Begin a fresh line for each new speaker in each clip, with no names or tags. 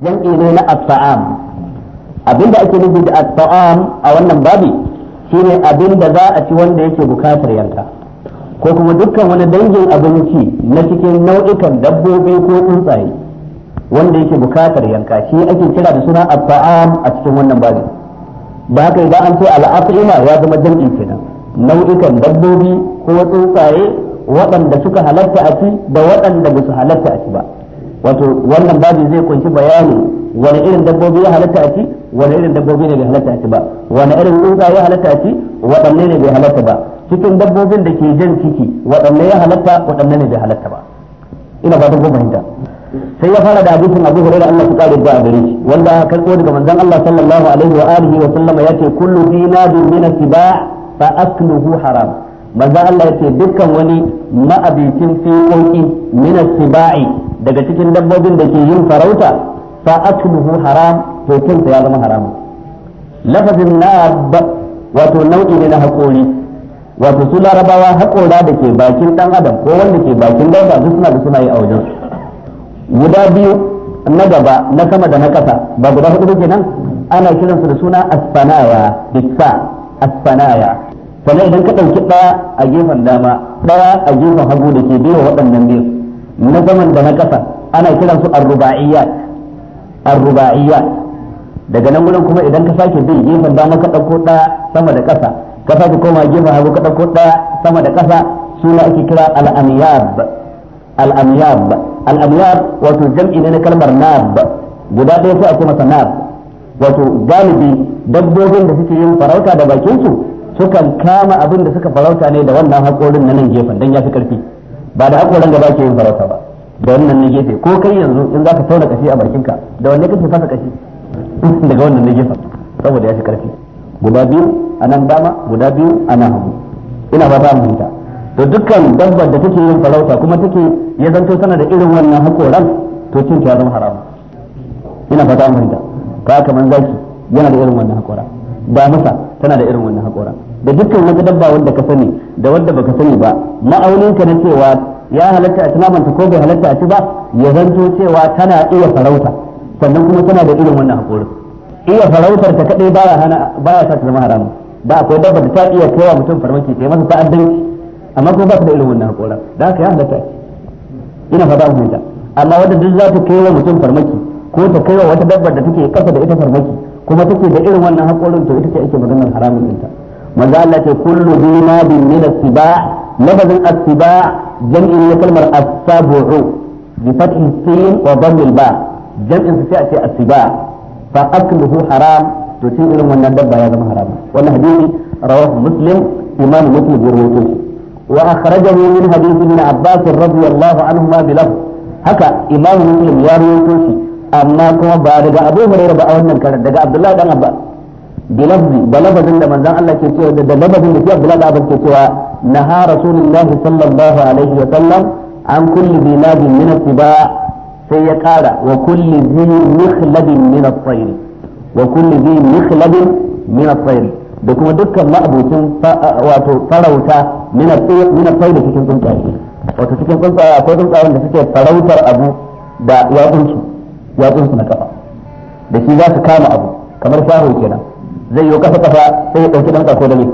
jam'i ne na at abinda ake nufi da at a wannan babi shine abinda za a ci wanda yake bukatar yanka ko kuma dukkan wani dangin abinci na cikin nau'ikan dabbobi ko tsuntsaye wanda yake bukatar yanka shi ake kira da suna at a cikin wannan babi da haka idan an ce al-at'ima ya zama jam'i kenan nau'ikan dabbobi ko tsuntsaye waɗanda suka halatta a ci da waɗanda ba su halatta a ci ba wato wannan babin zai kunshi bayanin wani irin dabbobi ya halatta a ci wani irin dabbobi ne bai halatta a ci ba wani irin tsuntsa ya halatta a ci waɗanne ne bai halatta ba cikin dabbobin da ke jan ciki waɗanne ya halatta waɗanne ne bai halatta ba ina ba kun fahimta sai ya fara da hadisin Abu Hurairah Allah ya kare da gare shi wanda karɓo daga manzon Allah sallallahu alaihi wa alihi wa sallama yace kullu dinadin min as-siba' fa akluhu haram manzon Allah yace dukkan wani ma'abikin fiƙoƙi min as-siba'i daga cikin dabbobin da ke yin farauta fa atluhu haram to kinsa ya zama haram lafazin nab wato nau'i ne na hakori wato su larabawa hakora da ke bakin ɗan adam ko wanda ke bakin dabba duk suna da suna yi a wajen guda biyu na gaba na sama da na ƙasa ba guda hudu kenan ana kiransu da suna asfanaya bisa asfanaya sannan idan ka ɗauki ɗaya a gefen dama ɗaya a gefen hagu da ke biyo waɗannan biyu na zaman da na kasa ana kiran su arruba'iyya arruba'iyya daga nan gudan kuma idan ka sake bin gefen dama ka ɗauko ɗaya sama da ƙasa ka sake koma gefen hagu ka ɗauko ɗaya sama da ƙasa suna ake kira al'amiyab al'amiyab al'amiyab wato jam'i ne na kalmar nab guda ɗaya sai ake masa nab wato galibi dabbobin da suke yin farauta da bakin su sukan kama abin da suka farauta ne da wannan haƙorin na nan gefen dan ya fi ƙarfi ba da ranga ba ke yin farauta ba da wannan na gefe ko kai yanzu in za ka tauna kashi a bakinka da wanne kake fasa kashi daga wannan na gefe saboda ya fi karfi guda biyu a nan dama guda biyu a nan hagu ina ba ta fahimta to dukkan dabbar da take yin farauta kuma take ya zanto tana da irin wannan ran to cin ta zama haram ina ba ta fahimta ka kaman zaki yana da irin wannan ran da masa tana da irin wannan ran da dukkan wata dabba wanda ka sani da wanda baka sani ba ma'aunin ka na cewa ya halatta a ci namanta ko bai halatta a ci ba ya zanto cewa tana iya farauta sannan kuma tana da irin wannan haƙorin iya farautar ta kadai baya hana baya sa ta zama haramu da akwai dabba da ta iya kaiwa mutum farmaki ta yi masa ta'addanci amma kuma ba ta da irin wannan haƙorin da haka ya halatta ina fata mu fahimta amma wanda duk za ta kaiwa mutum farmaki ko ta kaiwa wata dabbar da take kasa da ita farmaki kuma take da irin wannan haƙorin to ita ce ake maganar haramun ɗinta manzo Allah ce kullu bima bin min as-siba lafazin as-siba jam'i ne kalmar as-sab'u bi fathi wa dhammi al-ba jam'in sai a ce as-siba fa akluhu haram to cin irin wannan dabba ya zama haram wannan hadisi rawahu muslim imam muslim ya rawaito shi wa akhrajahu min hadith ibn abbas radiyallahu anhuma haka imam muslim ya rawaito shi amma kuma ba daga abu hurairah ba a wannan karan daga da lafazin da نهى رسول الله صلى الله عليه وسلم عن كل ذي لاب من السباع سيقال وكل ذي مخلب من الطير وكل ذي مخلب من الطير da kuma dukkan ma'abocin wato farauta mina tsaye da cikin tsuntsaye wato cikin tsuntsaye akwai tsuntsaye da suke farautar abu da yatsunsu yatsunsu na kafa da shi za su kama abu kamar shaho kenan zai yi kafa kasa sai ya ɗauki ɗan ko da mai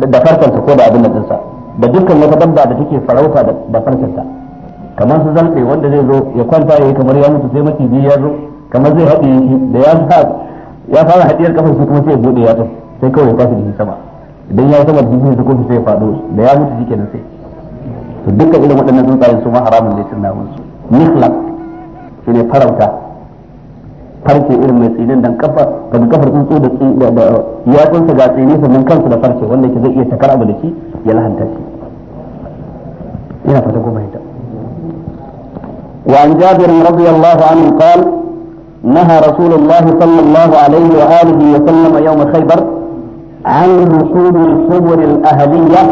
da farkanta ko da abin da dinsa da dukkan wata dabba da take farauta da farkanta kamar su zalbe wanda zai zo ya kwanta yayi kamar ya mutu sai maciji ya zo kamar zai haɗe shi da ya sa ya fara haɗiyar kafar su kuma sai ya bude ya tafi sai kawai ya kwasa jiki sama idan ya sama jiki su kofi sai ya faɗo da ya mutu jike da sai to dukkan irin waɗannan tsuntsayen su ma haramun ne cin namun su nikhlaq shine farauta farce irin mai tsinin dan kafa daga kafar so da yatsunsa ga tsini sannan kansu da farce wanda ke zai iya takar abu da shi ya lahanta shi ina fata goma ita وعن جابر رضي الله عنه قال نهى رسول الله صلى الله عليه وآله وسلم يوم خيبر عن لحوم الحمر الأهلية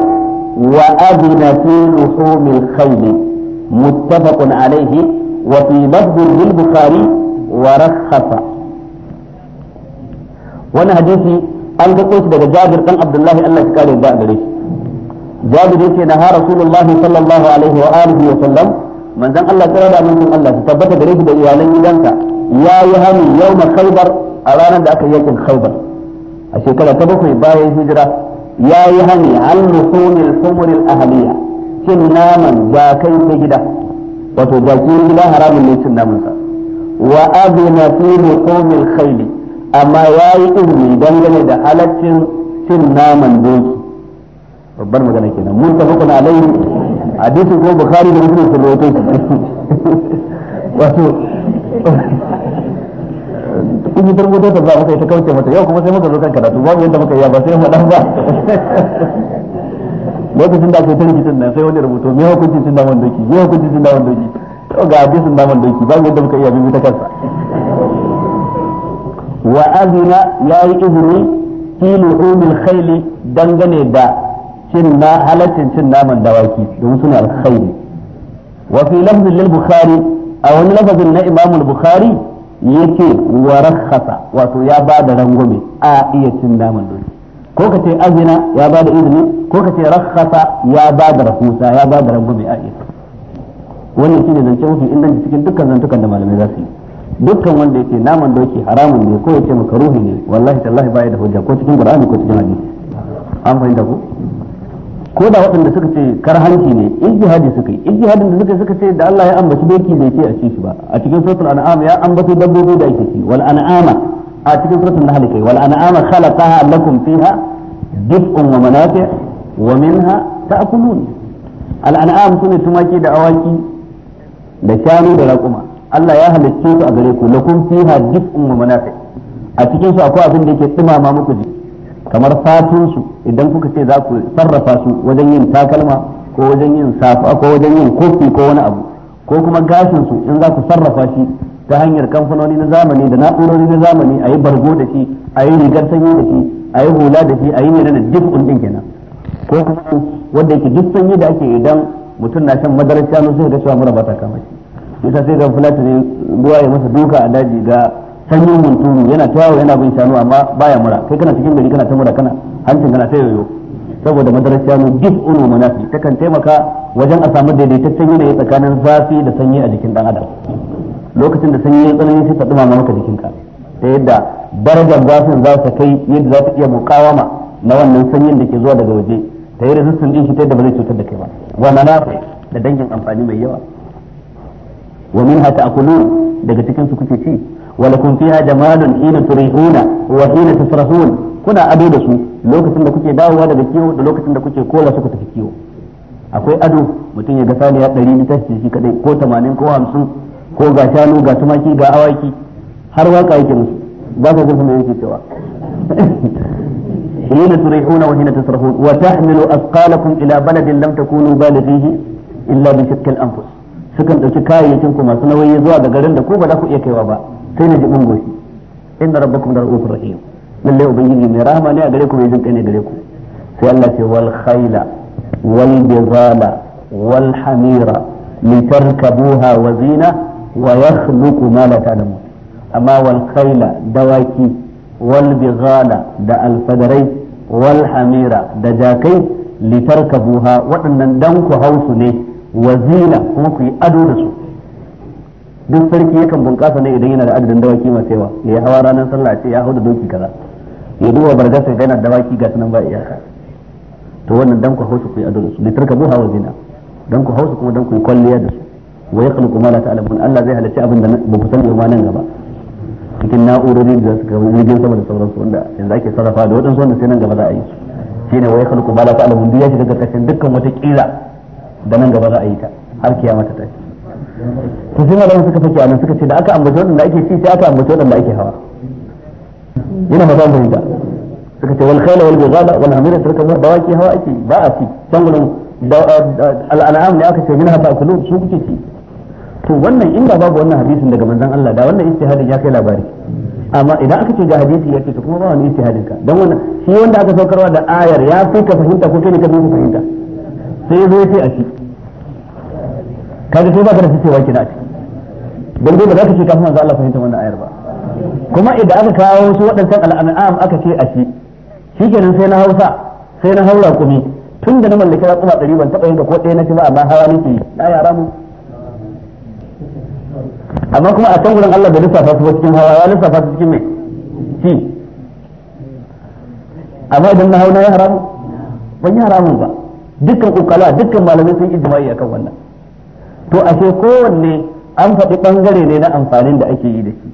وأذن في لحوم الخيل متفق عليه وفي لفظ للبخاري wa rakhasa wannan hadisi an ga shi daga Jabir dan Abdullahi Allah ya kare da gare shi Jabir yace na Rasulullah sallallahu alaihi wa alihi wa sallam manzon Allah kira da manzon Allah ta tabbata gare shi da iyalan gidansa ya yi hani yawma Khaybar a ranar da aka yi yakin a shekara ta bakwai bayan hijira ya yi hani an luhumil humuril ahliya cin naman jakai na gida wato jakin gida haramun ne cin namansa wa adina fi luqumil khayl amma yayi izini dangane da halaccin cin naman doki babbar magana kenan mun tafakun alaihi hadisin ko bukhari da muslim sun rawaito wato kun yi tarbo ta ba maka ita kauce mata yau kuma sai muka zo kan karatu babu yadda muka yi ba sai mu dan ba lokacin da ake tarki din na sai wani rubuto me hukunci cin naman doki me hukunci cin naman doki to ga hadisin naman doki babu yadda muka iya bibi ta kansa wa azina ya yi izini fi luhumil khayl dangane da cin na halaccin cin naman dawaki domin suna alkhairi wa fi lafzin lil bukhari a wani lafazin na imam al-bukhari yake wa rakhasa wato ya ba da rangume a iya cin naman doki ko ka ce azina ya ba da izini ko ka ce rakhasa ya ba da rahusa ya ba da rangume a iya cin wannan ne zance mafi inganci cikin dukkan zantukan da malamai za su yi dukkan wanda yake naman doki haramun ne ko ya ce ruhi ne wallahi tallahi baya da hujja ko cikin qur'ani ko cikin hadisi an fahimta ko ko da waɗanda suka ce karhanci ne ijtihadi suka yi ijtihadin da suka suka ce da Allah ya ambaci doki bai ce a ci shi ba a cikin suratul an'am ya ambaci dabbobi da ake ci wal an'ama a cikin suratul nahl kai wal an'ama khalaqaha lakum fiha dif'un wa manafi' wa minha ta'kulun al an'am sune tumaki da awaki da shanu da raƙuma Allah ya halicce su a gare ku lakum fiha dif'un wa manafi a cikin su akwai abin da yake dumama muku ji kamar fatun su idan kuka ce za ku sarrafa su wajen yin takalma ko wajen yin safa ko wajen yin kofi ko wani abu ko kuma gashin su in za ku sarrafa shi ta hanyar kamfanoni na zamani da na'urori na zamani a yi bargo da shi a yi rigar sanyi da shi a yi hula da shi a yi menene dif'un din kenan ko kuma wanda yake duk sanyi da ake idan mutum na shan madarar shanu sai ga cewa mura ba ta kama shi yasa sai ga fulata ne ruwa ya masa duka a daji ga sanyin munturu yana tawo yana bin shanu amma baya mura kai kana cikin gari kana ta mura kana hancin kana ta yoyo saboda madarar shanu gif'un wa manafi kan taimaka wajen a samu daidaitaccen yanayi tsakanin zafi da sanyi a jikin dan adam lokacin da sanyi ya tsanani sai ta dumama maka jikinka ta yadda darajar zafin za ta kai yadda za ta iya mukawama na wannan sanyin da ke zuwa daga waje ta yi resistin din shi ta yadda ba zai cutar da kai ba wa manafi da dangin amfani mai yawa wa min hata akulu daga cikin su kuke ci wa lakum fiha jamalun hina turihuna wa hina tasrahun kuna ado da su lokacin da kuke dawowa daga kiwo da lokacin da kuke kola su ku tafi kiwo akwai ado mutum ya ga saniya ɗari ta tashi shi kadai ko tamanin ko hamsin ko ga shanu ga tumaki ga awaki har waka yake musu ba ka zurfin da yake cewa hina turihuna wa hina tasrahun wa tahmilu asqalakum ila baladin lam takunu balighihi illa bi shakkil anfus sukan dauki kayayyakin ku masu nauyi zuwa ga garin da ku ba za ku iya kaiwa ba sai na jibin goshi inna rabbakum larufur rahim lalle ubangiji mai rahama ne a gare ku mai jinkai ne gare ku sai Allah ce wal khayla wal bizala wa zina wa yakhluqu amma wal dawaki wal da alfadarai wal da jakai litarkabuha waɗannan dan ku hausu ne wazina kuma ku yi ado da su duk sarki yakan bunƙasa ne idan yana da adadin dawaki masu yawa ya hawa ranar sallah ce ya hau da doki kaza ya duba bargasa ya gana dawaki ga sunan ba iyaka to wannan dan ku hausu ku yi ado da su litarkabuha wazila dan ku hausu kuma dan ku yi kwalliya da su wa yakhluqu ma la ta'lamun Allah zai halarci abin da ba ku sani ba nan gaba cikin na'urori da su kama jirgin sama da sauransu wanda yanzu ake sarrafa da waɗansu wanda sai nan gaba za a yi su ne wai kalku bala fa alamun shi daga kashin dukkan wata kila da nan gaba za a yi ta har kiyama ta tashi to sai malaman suka fake anan suka ce da aka ambaci waɗanda ake ci sai aka ambaci waɗanda ake hawa yana fata mu fahimta suka ce wal khayla wal bighala wal hamira wa dawaki hawa ake ba a ci can gudun al ne aka ce a ta'kulun su kuke ci to wannan inda babu wannan hadisin daga manzon Allah da wannan istihadin ya kai labari amma idan aka ce ga hadisi yake to kuma ba wani istihadin ka dan wannan shi wanda aka saukarwa da ayar ya fi ka fahimta ko kai ne ka fi fahimta sai zo yace a shi kaga sai ba ka da cewa kina a shi dan dole za ka ce kafin manzo Allah fahimta wannan ayar ba kuma idan aka kawo su waɗancan al'an'am aka ce a shi shikenan sai na Hausa sai na haura kuma tun da na mallaki raƙuma ɗari ban taɓa yin ko ɗaya na ci ba amma hawa nake na yara mu amma kuma a can gurin Allah bai lissafa su ba cikin hawa ya lissafa su cikin mai ci amma idan na hauna ya haramu ban yi haramun ba dukkan kokala dukkan malamai sun a akan wannan to ashe kowanne an faɗi bangare ne na amfanin da ake yi da shi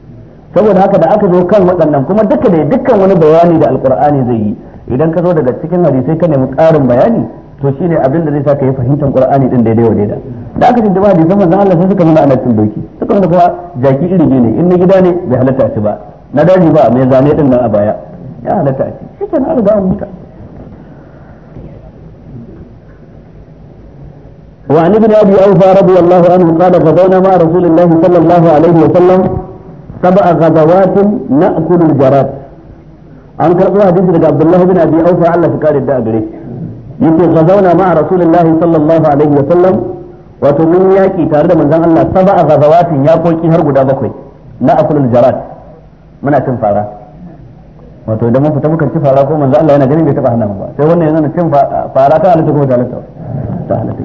saboda haka da aka zo kan waɗannan kuma duka ne dukkan wani bayani da alkur'ani zai yi idan ka zo daga cikin hadisai ka nemi ƙarin bayani to shine abin da zai saka yi fahimtar qur'ani din daidai wa daida da aka da zama zan Allah sai suka nuna ana cin doki suka nuna kuma jaki iri ne in na gida ne bai halatta a ci ba na daji ba mai zane din nan a baya ya halatta a ci shi ke na riga an huta وعن ابن ابي اوفى رضي الله عنه قال غزونا مع رسول الله صلى الله عليه وسلم سبع غزوات ناكل الجراد عن كربوها حديث عبد الله بن ابي اوفى على فكار الدابري yake ka zauna ma rasulullahi sallallahu alaihi wa sallam wato mun yaki tare da manzon Allah sab'a ghazawatin yakoki har guda bakwai na akulul jarat muna cin fara wato idan mun fita mukan ci fara ko manzo Allah yana ganin bai taba hannun ba sai wannan yana cin fara ta halatta ko halatta ta halatta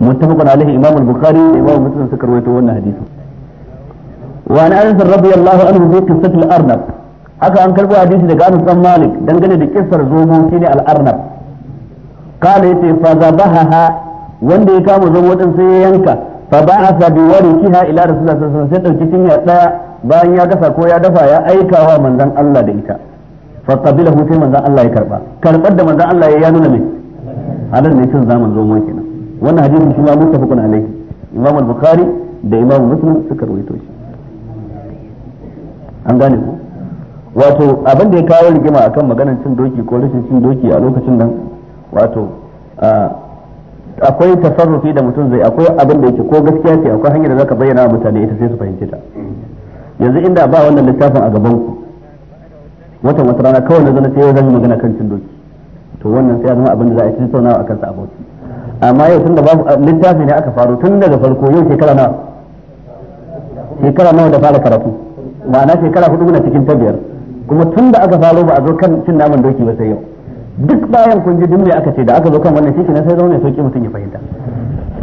muttafaqun alaihi imam al-bukhari da imam muslim suka rawaito wannan hadisi wa an anas radiyallahu anhu bi qissat al-arnab haka an karbo hadisi daga Anas bin Malik dangane da kissar zomo ne al-arnab قال يتي فذبحها wanda ya kama zan wadin sai ya yanka fa ba'atha bi warikiha ila rasulullah sallallahu alaihi wasallam sai dauki ya tsaya bayan ya gasa ko ya dafa ya aika wa manzan Allah da ita fa qabilahu sai manzon Allah ya karba karbar da manzan Allah ya nuna mai halal ne cin zaman zo mun kenan wannan hadisin shi ma muttafaqun alaihi imam al-bukhari da imam muslim suka rawaito shi an gane ku wato abin da ya kawo rigima akan maganar cin doki ko rashin cin doki a lokacin nan wato akwai tasarrufi da mutum zai akwai abin da yake ko gaskiya ce akwai hanyar da zaka bayyana wa mutane ita sai su fahimci ta yanzu inda ba wannan littafin a gaban ku watan wata rana kawai na zana sai yau zan yi magana kan cin doki to wannan sai ya zama abin da za a ci saunawa a kansa aboki amma yau tun da babu littafi ne aka faro tun daga farko yau shekara nawa shekara nawa da fara karatu ma'ana shekara hudu muna cikin ta biyar kuma tun da aka faro ba a zo kan cin naman doki ba sai yau duk bayan kun ji duk me aka ce da aka zo kan wannan shi na sai zaune sauki mutum ya fahimta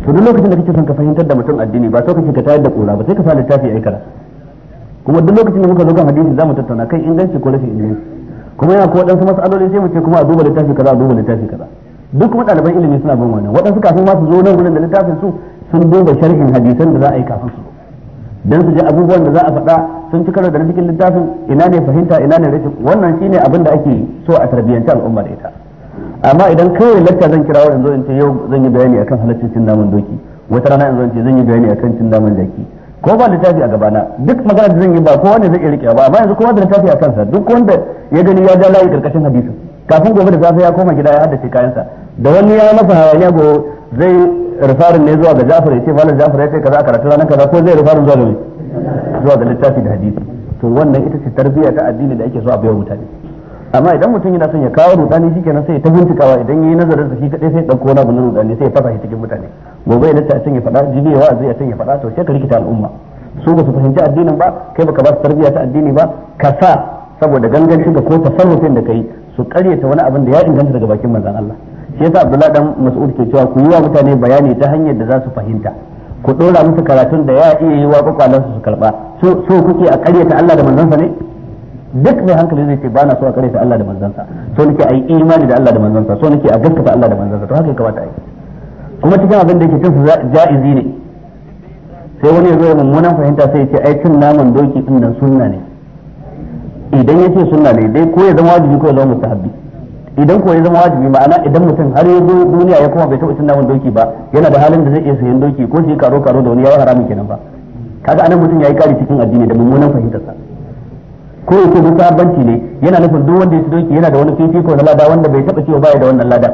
to duk lokacin da kake son ka fahimtar da mutum addini ba sai kake ka tayar da kura ba sai ka fara littafi ai kara kuma duk lokacin da muka zo kan hadisi zamu tattauna kai inganci ko rashin inganci kuma yana ko wadansu masalolin sai mu ce kuma a duba littafi kaza a duba littafi kaza duk kuma ɗaliban ilimi suna bin wannan waɗansu kafin ma su zo nan gurin da littafin su sun duba sharhin hadisan da za a yi kafin su dan su ji abubuwan da za a faɗa sun ci karo da na cikin littafin ina ne fahimta ina ne rashin wannan shine abin da ake so a tarbiyyance al'umma da ita amma idan kawai lacca zan kira wannan zo ce yau zan yi bayani akan halaccin cin naman doki wata rana in zan ce zan yi bayani akan cin naman daki ko ba littafi a gabana duk magana da zan yi ba ko ne zai iya rike ba amma yanzu kowa da littafi a kansa duk wanda ya gani ya ja layi karkashin hadisin kafin gobe da safe ya koma gida ya haddace kayansa da wani ya masa hayaniya go zai rufarin ne zuwa ga Ja'far ce malam Ja'far yace kaza karatu ranar kaza ko zai rufarin zuwa ga zuwa ga littafi da hadisi to wannan ita ce tarbiyya ta addini da ake so a bayar mutane amma idan mutum yana son ya kawo rudani kenan sai ya ta bincikawa idan yayi nazarin sa shi kadai sai ya dauko wani abu na rudani sai ya fasa shi cikin mutane gobe idan ta can ya faɗa jini ya wa'azi ya can ya faɗa to sai ka rikita al'umma su ba su fahimci addinin ba kai baka ba su tarbiyya ta addini ba ka sa saboda gangancin da ko tasarrufin da kai su karyata wani abin da ya inganta daga bakin manzon Allah shi yasa Abdullahi dan Mas'ud ke cewa ku yi wa mutane bayani ta hanyar da za su fahimta ku dora musu karatun da ya iya yi wa kwakwalan su karba so so kuke a karyata Allah da manzansa ne duk mai hankali zai ce ba na so a karyata Allah da manzansa so nake a yi imani da Allah da manzansa so nake a gaskata Allah da manzansa to haka ya kamata a yi kuma cikin abin da yake cin su ja'izi ne sai wani ya zo ya mummunan fahimta sai ya ce ai cin naman doki din nan sunna ne idan ya ce sunna ne dai ko ya zama wajibi ko ya zama mustahabbi idan ko ya zama wajibi ma'ana idan mutum har ya zo duniya ya kuma bai taɓa cin naman doki ba yana da halin da zai iya sayan doki ko shi karo karo da wani yawa haramun kenan ba kaga anan mutum yayi kari cikin addini da mummunan sa ko yake duk sabanci ne yana nufin duk wanda ya ci doki yana da wani fifiko na lada wanda bai taɓa cewa baya da wannan lada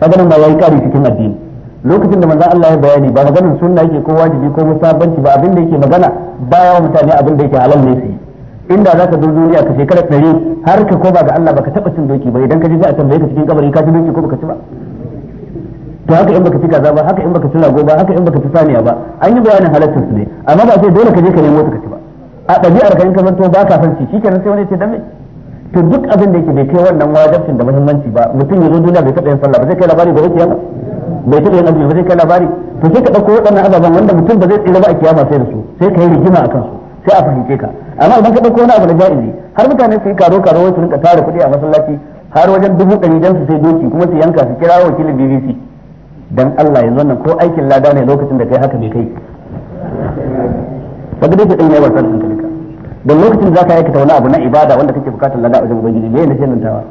kaga nan ba yayi kari cikin addini lokacin da manzon Allah ya bayani ba maganar sunna yake ko wajibi ko musabanci ba abin da yake magana baya wa mutane abin da yake halal ne su yi inda za ka zo duniya ka shekara ɗari har ka koma ga Allah baka taɓa cin doki ba idan ka ji za a tambaye ka cikin kabari ka ci doki ko baka ci ba to haka in baka ci kaza ba haka in baka ci lago ba haka in baka ci saniya ba an yi bayanin halaccin su ne amma ba sai dole ka je ka nemo ka ci ba a ɗabi'ar ka in ka zanto ba ka san ci shikenan sai wani ce dame to duk abin da yake bai kai wannan wajabcin da muhimmanci ba mutum ya zo duniya bai taɓa yin sallah ba zai kai labari gobe kiyama bai taɓa yin azumi ba zai kai labari to sai ka ɗauko waɗannan ababen wanda mutum ba zai tsira ba a kiyama sai da su sai ka yi rigima a kansu sai a fahimce ka amma idan ka ɗauko wani abu na jaizi har mutane su yi karo karo wasu rinka tara kuɗi a masallaci har wajen dubu ɗari dan su sai doki kuma su yanka su kira wakilin BBC dan Allah yanzu wannan ko aikin lada ne lokacin da kai haka bai kai ba dai ɗin ne ba san ka duka dan lokacin da ka aikata wani abu na ibada wanda kake bukatar lada a wajen ubangiji ne ne sai nan tawa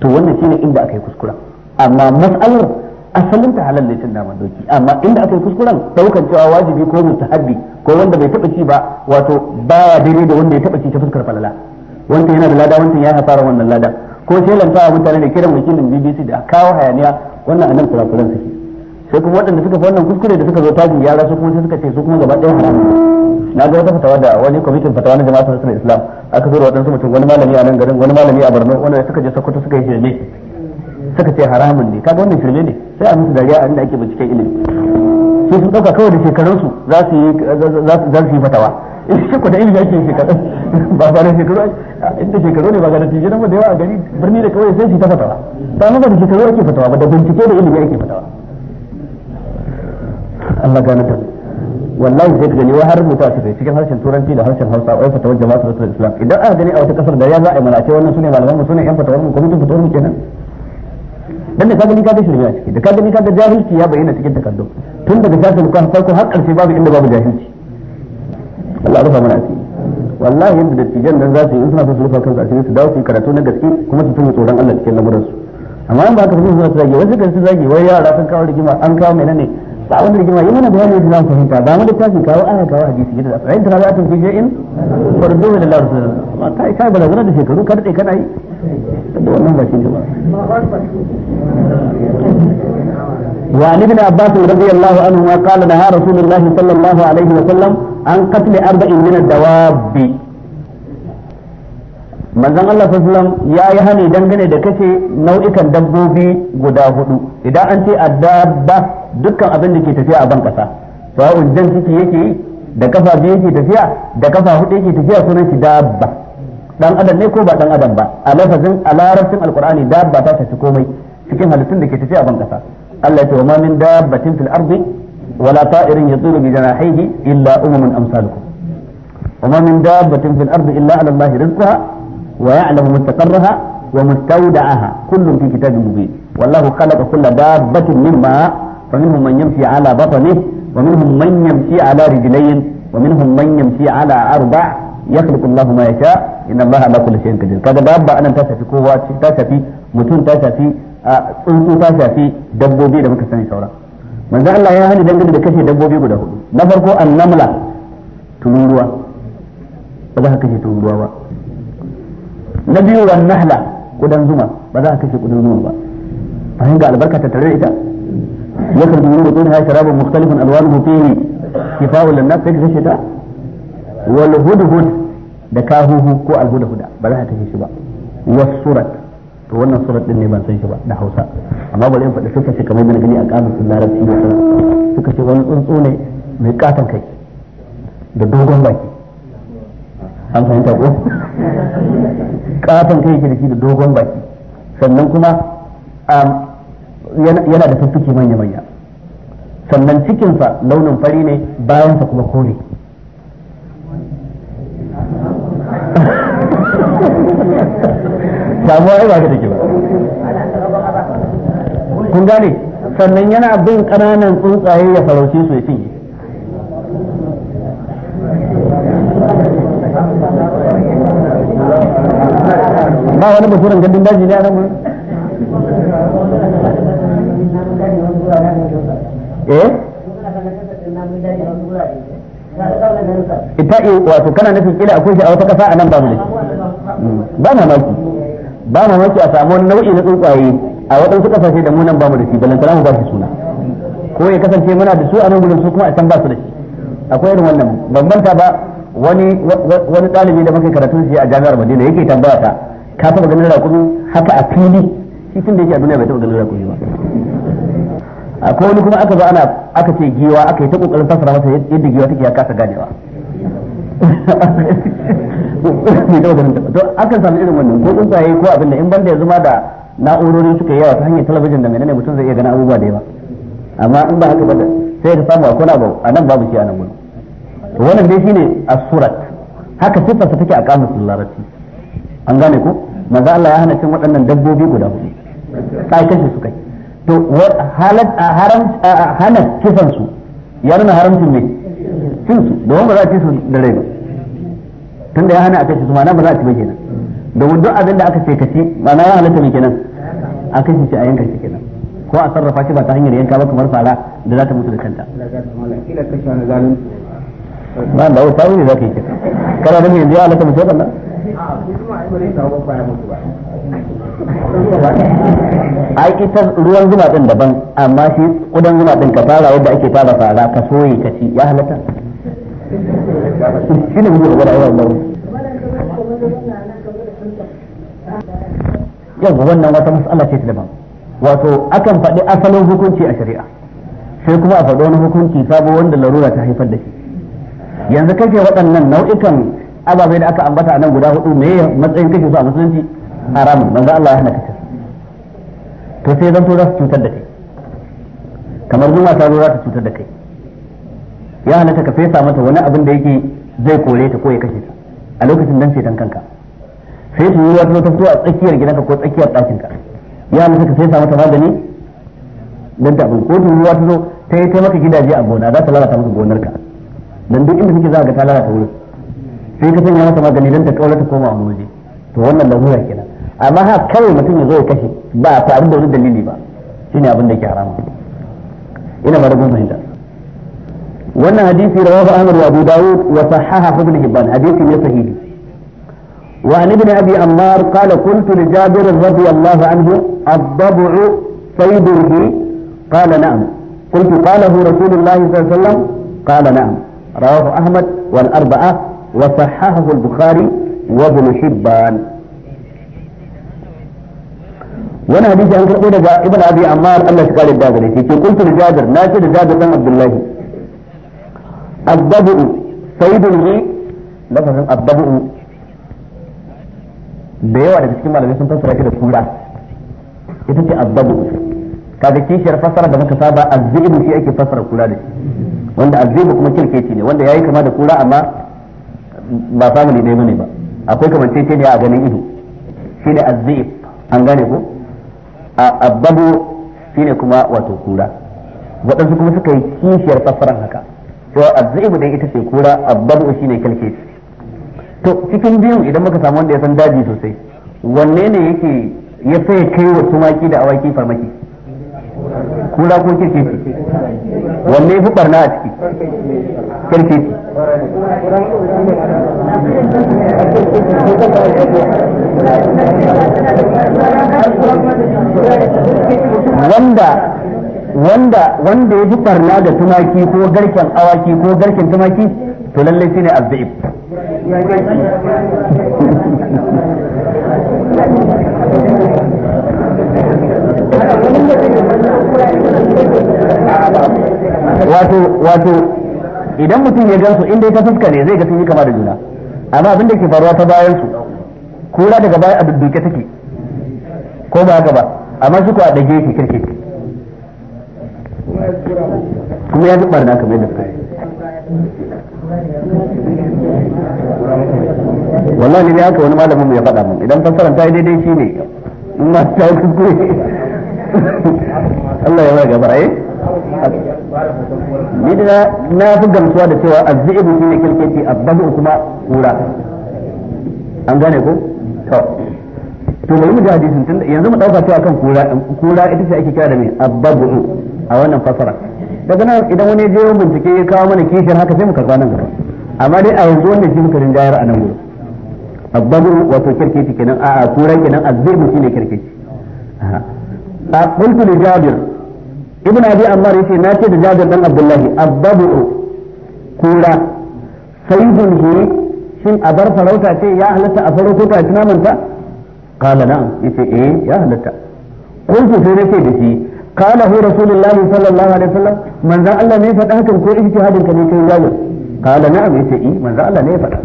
to wannan shine inda akai kuskura amma mas'alar asalin ta halal ne tunda man doki amma inda aka yi kuskuren daukan cewa wajibi ko mustahabbi ko wanda bai taba ci ba wato baya daidai da wanda ya taba ci ta fuskar falala wanda yana da lada wanda ya hasara wannan lada ko sai a mutane da kiran wakilin BBC da kawo hayaniya wannan anan kurakuran suke sai kuma waɗanda suka fi wannan kuskure da suka zo tajin yara su kuma sai suka ce su kuma gaba ɗaya haramun na ga wata fatawa da wani kwamitin fatawa na jama'a sassan islam aka zo da waɗansu mutum wani malami a nan garin wani malami a borno wanda suka je sokoto suka yi shirme suka ce haramun ne kaga wannan shirme ne sai a musu dariya a inda ake binciken ilimi sai sun dauka kawai da shekarun su za su yi za su yi fatawa in shi ku da ilimi ake shekarun ba ba da shekaru inda shekaru ne ba ga natije nan ba da yawa a gari birni da kawai sai su ta fatawa ba mu ba da shekaru ake fatawa ba da bincike da ilimi ake fatawa Allah gane ta wallahi sai gani wai har mutuwa su cikin harshen turanci da harshen Hausa wai fatawar da Islam idan aka gani a wata kasar da ya za a yi mana ce wannan ne malaman mu ne yan fatawar mu kuma tun fatawar mu kenan dan da kaga ni kaga shirme a ciki da kaga ni kaga jahilci ya bayyana cikin takardu tun daga shafin kan farko har karshe babu inda babu jahilci Allah rufa mana asiri wallahi yanda dattijan nan za su yi in suna so su rufa kansu asiri su dawo su yi karatu na gaske kuma su tuna tsoron Allah cikin lamuransu amma in ba ka fahimta suna zage wasu kan su zage wai yara sun kawo rigima an kawo menene ba wanda rigima yi mana bayani da zamu fahimta ba mu littafi kawo aya kawo hadisi yadda za yi tara tun fije in fardu min Allah rasul ma kai kai balagana da shekaru ka dade kana yi da wannan ba shi ne ba wa an ibn abbas radiyallahu anhu ma qala naha rasulullahi sallallahu alaihi wa sallam an qatl arba'in min ad dawabi. manzon Allah sallallahu ya yi hani dangane da kashe nau'ikan dabbobi guda hudu idan an ce addabba dukkan abin da ke tafiya a ban kasa sawa'un jan ciki yake da kafa biyu yake tafiya da kafa hudu yake tafiya sunan shi dabba dan adam ne ko ba dan adam ba a lafazin a larabcin alqur'ani dabba ta tafi komai cikin halittun da ke tafiya a ban kasa Allah ya ce wa ma min dabbatin fil ardi wala ta'irin yatiru bi janahihi illa umamun amsalukum وما من دابة في الأرض illa على الله رزقها ويعلم مستقرها ومستودعها كل في كتاب مبين والله خلق كل دابة من ماء فمنهم من يمشي على بطنه ومنهم من يمشي على رجلين ومنهم من يمشي على أربع يخلق الله ما يشاء إن الله على كل شيء قدير كذا دابة أنا تشفي كوة تشفي متون تشفي tsuntsu ta shafi dabbobi da muka sani saura manzo Allah ya hani dangane da kashe dabbobi guda hudu na farko annamla tururuwa ba za ka kashe tururuwa ba na biyu wan nahla kudan zuma ba za ka kashe kudan zuma ba fahim ga albarka ta tare ita ya karbi wani mutum ya sharaba mukhtalifun alwanuhu fihi kifa'u lin nas ka kashe ta wal hudhud da kahuhu ko al hudhuda ba za ka kashe shi ba was surat to wannan surat din ne ban san shi ba da Hausa amma bari in faɗi suka ce kamar da gani a kamusin larabci suka ce wani tsuntsu ne mai katon kai da dogon baki an fahimta ko kafin kai yake da shi da dogon baki sannan kuma yana da fuffuke manya-manya sannan cikinsa launin fari ne bayansa kuma kore samuwa ai ba ka take ba kun gane sannan yana bin kananan tsuntsaye ya farauce su ya cinye
ba wani bashirin gandun
daji ne a nan eh ita eh, wato kana nufin akwai shi a wata kasa a nan babu ne ba hmm. maki ba mamaki a samu wani nau'i na tsuntsaye a waɗansu kasashe da munan bamu da shi balantana mu ba shi suna ko ya kasance muna da su a nan gudun su kuma a can ba su da shi akwai irin wannan bambanta ba wani wani ɗalibi da muke karatu shi a jami'ar Madina yake tambaya ta ka taba ganin rakumi haka a fili shi tun da yake a duniya bai taba ganin rakumi ba akwai wani kuma aka zo ana aka ce giwa aka yi ta kokarin fasara masa yadda giwa take ya kasa ganewa bai taba ganin to akan samu irin wannan ko tsuntsaye ko abin da in banda yanzu ma da na'urori suka yawa ta hanyar talabijin da menene mutum zai iya ganin abubuwa da yawa amma in ba haka ba sai ka samu akwai abu a nan babu shi a nan gudu wannan dai shine as-surat haka sifarsa take a kamusin larabci an gane ko maza Allah ya hana cin waɗannan dabbobi guda hudu kai kashe su kai to halat haram hana kisan su ya nuna haramcin ne cin su domin ba za a ci su da rai ba da ya hana a kashe su ma'ana ba za a ci ba kenan domin duk abin da aka ce kace na ya halatta ne kenan a kashe shi a yanka shi kenan ko a sarrafa shi ba ta hanyar yanka ba kamar fara da za ta mutu da kanta ba da wata ne za ka yi kenan kana da yanzu ya halatta mutu da ai ita ruwan zuma din daban amma shi kudan zuma din ka fara yadda ake fara fara ka soye ka ci ya halatta
shi ne muke gaba da yawan
yau wannan wata matsala ce ta daban wato akan faɗi asalin hukunci a shari'a sai kuma a faɗi wani hukunci sabo wanda larura ta haifar da shi yanzu kake waɗannan nau'ikan ababai da aka ambata nan guda hudu me matsayin kashe su a musulunci haramun manzo Allah ya hana kashe to sai zan to za su cutar da kai kamar zuma ta zo za ta cutar da kai ya halatta ka fesa mata wani abin da yake zai kore ta ko ya kashe ta a lokacin dan ceton kanka sai su ruwa ta fito a tsakiyar gidanka ko tsakiyar ɗakinka ya halatta ka fesa mata magani dan ta abin ko ruwa ta zo ta yi taimaka gidaje a gona za ta lalata maka gonarka dan duk inda kake za ka ta lalata wurin sai ka sanya masa magani don ta kaura ta koma muje waje to wannan larura kenan amma ha kawai mutum ya zo ya kashe ba tare da wani dalili ba shine abin da ke ina ba da gun fahimta wannan hadisi rawahu Ahmad wa Abu Dawud wa sahahahu Ibn Hibban hadisi ne sahihi وعن abi ابي عمار قال قلت لجابر رضي الله عنه الضبع صيد qala نعم قلت قاله رسول الله صلى الله عليه وسلم قال نعم رواه احمد والاربعه وصححه البخاري وابن حبان wani hadisi an karɓo daga ibn abi ammar Allah shi kare da gare shi ce kuntu na ce da jabir dan abdullahi abdabu sayyidun ri lafazin abdabu da yawa daga cikin malamai sun fassara shi da kura ita ce abdabu kaga kishiyar fassara da muka saba azzibu shi ake fassara kula da shi wanda azzibu kuma kirkeci ne wanda yayi kama da kura amma ba family dai bane ba akwai kamar ne a ganin ido shine azzib an gane ko a abbabu shine kuma wato kura waɗansu kuma suka yi kishiyar fassarar haka to azzibu dai ita ce kura abbabu shine kalke to cikin biyu idan muka samu wanda ya san daji sosai wanne ne yake ya sai kai wa tumaki da awaki farmaki
kura ko kirkeci wanne fi barna a ciki kirkeci wanda
wanda wanda ya ji barna da tumaki ko garken awaki ko garken tumaki to lallai shine azzaib wato wato idan mutum ya gansu inda ta fuska ne zai ga sun yi kama da juna amma abin da ke faruwa ta bayan su kura daga baya a dudduke take ko ba gaba amma shi ko a dage shi kirki kuma ya zubar na kamar da suka
wallahi ne haka wani malamin
mu ya faɗa mun idan fassaran ta yi daidai shi ne in ma ta yi kuskure
Allah ya ba gabara eh ni
da na fi gamsuwa da cewa azzibu shi ne kirkeci bazu kuma kura an gane ko to to bari mu ji hadisin tun yanzu mu dauka cewa kan kura kura ita ce ake kira da me abbabu a wannan fasara daga nan idan wani je yawan bincike ya kawo mana kishin haka sai mu karba nan gaba amma dai a yanzu wannan shi muka rinjayar a nan gudu abbabu wato kirkeci kenan a'a kura kenan azzibu shi ne kirkeci a kuntu da jabir ibn abi ammar yace na ce da jabir dan abdullahi abbabu kura sayyidun huri shin a bar farauta ce ya halatta a farauta ta tuna manta qala na'am yace eh ya halatta kuntu sai nace da shi qala hu rasulullahi sallallahu alaihi wasallam manzo Allah ne faɗa hakan ko ijtihadin ka ne kai jabir qala na'am yace eh manzo Allah ne faɗa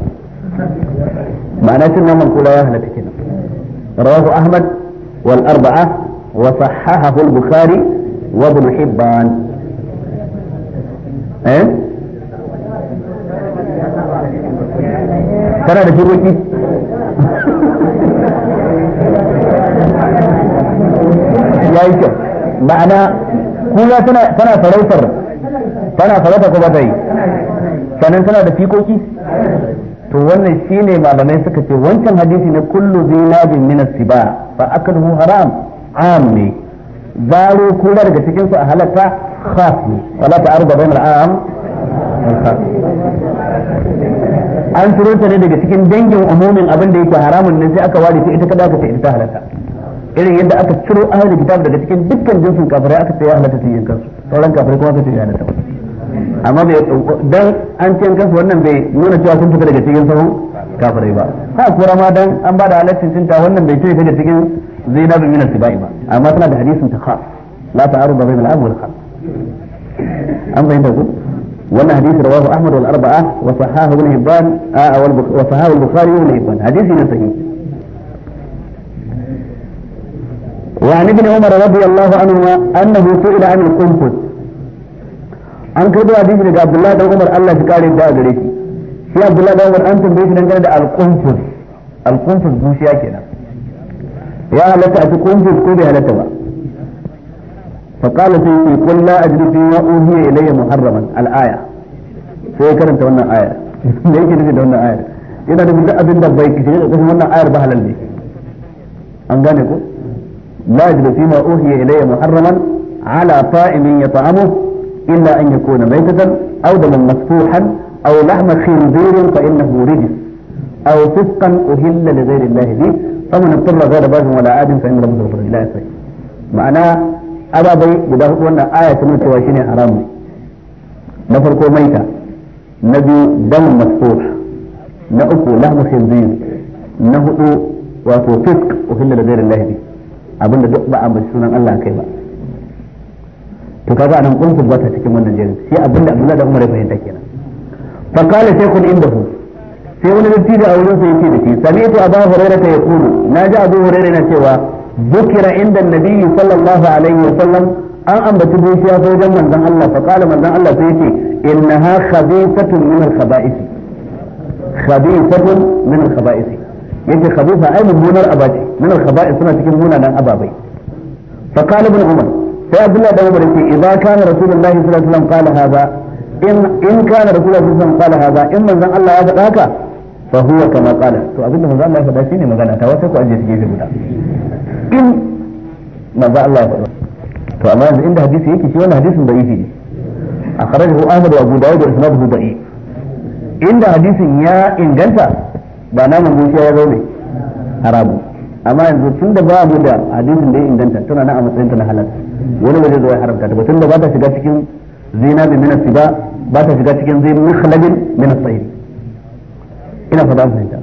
ma'ana cin naman kula ya halatta kenan rawahu ahmad wal arba'a wa sahahahu al-bukhari وابن حبان eh kana da shiroki ya yi kyau ma'ana kula tana farautar tana farautar ko ba tana da fikoki to wannan shine malamai suka ce wancan hadisi na kullu zinabin min as-siba fa akluhu haram am ne baro kura daga cikin su a halatta khafi wala ta arba bain al-am an turo ta ne daga cikin dangin umumin abin da yake haramun nan sai aka ware ta ita kada aka ce ita halatta irin yadda aka ciro ahli kitab daga cikin dukkan jinsin kafirai aka ce ya halatta su yin kansu sauran kafirai kuma aka ce ya halatta amma bai dan an ce kansu wannan bai nuna cewa sun fita daga cikin sahun kafirai ba ha kura ma dan an ba da halaccin cinta wannan bai ce daga cikin zainab min al-tibai amma tana da hadisin ta khas la ta'arudu bayna wal khas an bayyana ku wannan hadisi rawahu ahmad wal arba'a wa sahahu ibn hibban وعن ابن عمر رضي الله عنهما انه سئل عن القنفذ an karbi hadisi daga Abdullahi dan Umar Allah ya kare da gare shi shi Abdullahi dan Umar an tambaye shi dangane da al-qunfus al-qunfus zuciya kenan وعلى تأتكم في الكوبي على توا فقال سيدي قل لا أجل فيما أوهي إلي محرما الآية في كرم تونا آية ليش نجد تونا آية إذا نجد أبن دبايك شيئا تونا آية بحل لي أنجانكو لا أجل فيما أوهي إلي محرما على طائم يطعمه إلا أن يكون ميتا أو دما مفتوحا أو لحم خنزير فإنه رجس أو فسقا أهل لغير الله به faman sirra da bashin wala adin fa inna rabbuka ghafurun ila yasri ma'ana ababai guda hudu wannan aya ta nuna cewa shine haram ne na farko maita na biyu damun masfuh na uku lahmu khinzir na hudu wato fisk uhilla da ghairin lahi abinda duk ba a bashi sunan Allah kai ba to kaga anan kuntum ba ta cikin wannan jerin sai abinda Abdullahi da Umar ya fahimta kenan fa qala shaykhun indahu sai wani dattijo a wurin sai yake da shi sami'tu abu hurairah ta yaqulu naji abu hurairah yana cewa bukira inda nabiyyi sallallahu alaihi wa sallam an ambaci dukiya ko wajen manzon Allah fa qala manzon Allah sai yace innaha khabithatun min al-khaba'ith khabithatun min al-khaba'ith yace khabitha ai mummunar abaci min al-khaba'ith suna cikin munanan ababai fa qala ibn umar sai abdullahi da umar yace idza kana rasulullahi sallallahu alaihi wa sallam qala hadha in in kana rasulullahi sallallahu alaihi wa sallam qala hadha in manzon Allah ya faɗa haka fa huwa kama qala to abinda manzo Allah ya faɗa shine magana ta wata ku aje ta gefe guda in manzo Allah ya faɗa to amma yanzu inda hadisi yake shi wannan hadisin da'ifi ne akhrajahu Ahmad wa Abu Dawud wa isnaduhu da'if inda hadisin ya inganta ba na naman gunkiya ya zo ne haramu amma yanzu tun da babu da hadisin da ya inganta tana na a matsayin ta na halal wani waje zai haramta ta tun da ba ta shiga cikin zina minas min ba ta shiga cikin zai khalabin minas as ina fada an fahimta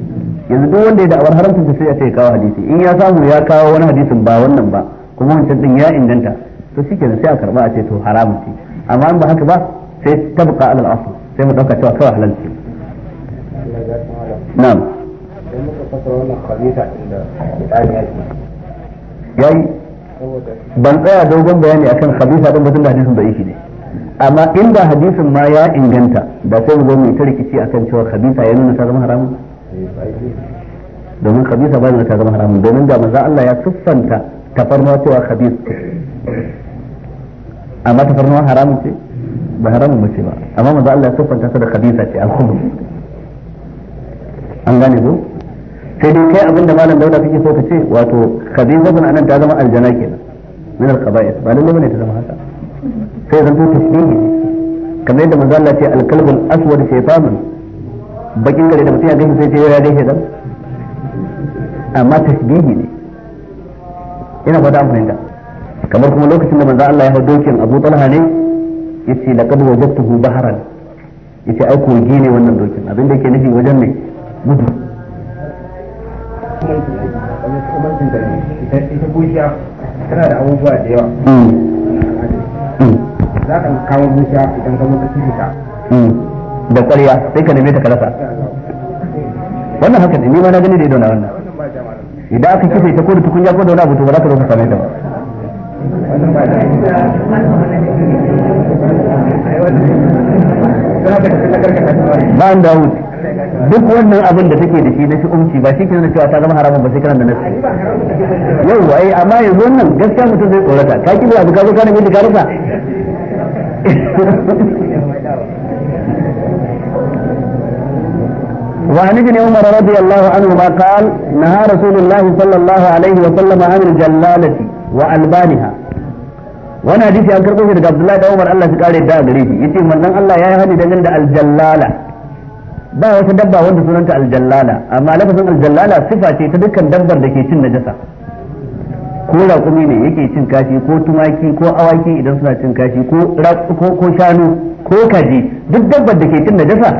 yanzu duk wanda ya da'awar haramta sai ya ce kawo hadisi in ya samu ya kawo wani hadisin ba wannan ba kuma wancan din ya inganta to shike sai a karba a ce to haramun ce amma in ba haka ba sai tabqa alal asl sai mu dauka cewa kawai halal ce na'am sai muka fasara wannan khabita inda kitani yake yayi ban tsaya dogon bayani akan khabisa don batun da hadisin da yake ne amma inda hadisin ma ya inganta ba sai mu zo mu ta rikici akan cewa khabisa ya nuna ta zama haramun domin khabisa ba nuna ta zama haramun domin da manzo Allah ya siffanta tafarnuwa cewa khabis amma tafarnuwa haramun ce ba haramun mace ba amma manzo Allah ya siffanta ta da khabisa ce al kuma an gane ko sai dai kai abinda malam dauda kake so ka ce wato khabisa bin anan ta zama aljana kenan min al-qaba'is ba lalle bane ta zama haka sai zanto tashbihi kamar yadda manzo Allah ce al-kalbul aswad shaytanun bakin gare da mutum ya gani sai ce ya dai shaytan amma tashbihi ne ina fata an fahimta kamar kuma lokacin da manzo Allah ya hau dokin Abu Talha ne yace laqad wajadtuhu baharan yace ai kogi ne wannan dokin abin da yake nufi wajen ne gudu
ita tana
da abubuwa da yawa mm. Mm. za ka kawo busha idan ka zo ka kirka hmm. da ƙwarya sai ka neme ta ka rasa wannan haka ne ni ma na gani da ido na wannan idan aka kife ta ko da tukunya ko da wani abu to ba za ka zo ka same ta ba ba an dawo duk wannan abin da take da shi na shi'umci ba shi ke nuna cewa ta zama haramun ba sai kana da nasi yau ai eh, amma yanzu wannan gaskiya mutum zai tsorata ka kibi abu ka zo ka nemi da ka rasa وعن ابن عمر رضي الله عنهما قال نهى رسول الله صلى الله عليه وسلم عن الجلالة وألبانها وانا ديتي ان كربوه دا عبد الله دا عمر الله سي قاري دا غريبي يتي من دان الله يا هاني دا جند الجلالة با وسا وانت سننت الجلالة اما لفظ الجلالة صفاتي تي تدكا دبا دكي تنجسة نجسة ko raƙumi ne yake cin kashi ko tumaki ko awaki idan suna cin kashi ko shanu ko kaji duk dabbar da ke cin najasa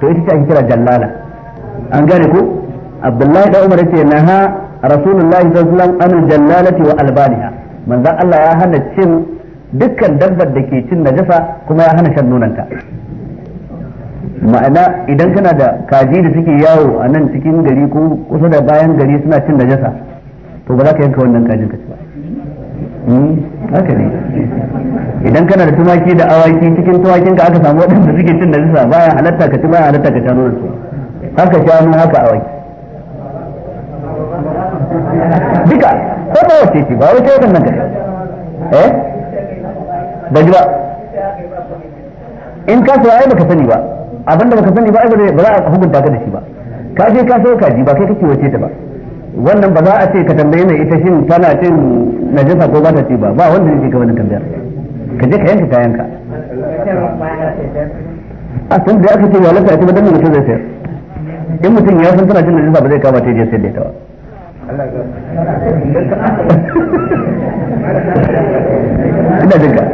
to ita ce ake kira jallala an gane ko abdullahi da umar yace naha rasulullahi sallallahu alaihi wasallam jallalati wa albaniha manzon Allah ya hana cin dukkan dabbar da ke cin najasa kuma ya hana shan nonanta ma'ana idan kana da kaji da suke yawo a nan cikin gari ko kusa da bayan gari suna cin najasa to ba za ka yanka wannan kajin ka ci ba hmm? haka ne idan kana da tumaki da awaki cikin tumakin ka aka samu waɗanda suke cin da zisa baya halatta ka ci bayan halatta ka shanu da su haka shanu haka awaki duka ko ta wace ce ba wace yakan nan ka eh
ba ji ba in ka sayo ai
baka sani ba abinda baka sani ba ai ba za a hukunta ka da shi ba ka je ka sayo kaji ba kai kake wace ta ba wannan ba za a ce ka tambaye mai ita shin tana cin najasa ko ba ta ci ba ba wanda zai ka wani tambayar ka je ka yanka ka yanka a tun da aka ce ya lafiya ba dan mutum zai sayar in mutum ya san tana cin najasa ba zai kama ta je sayar da ita ba
ina jinka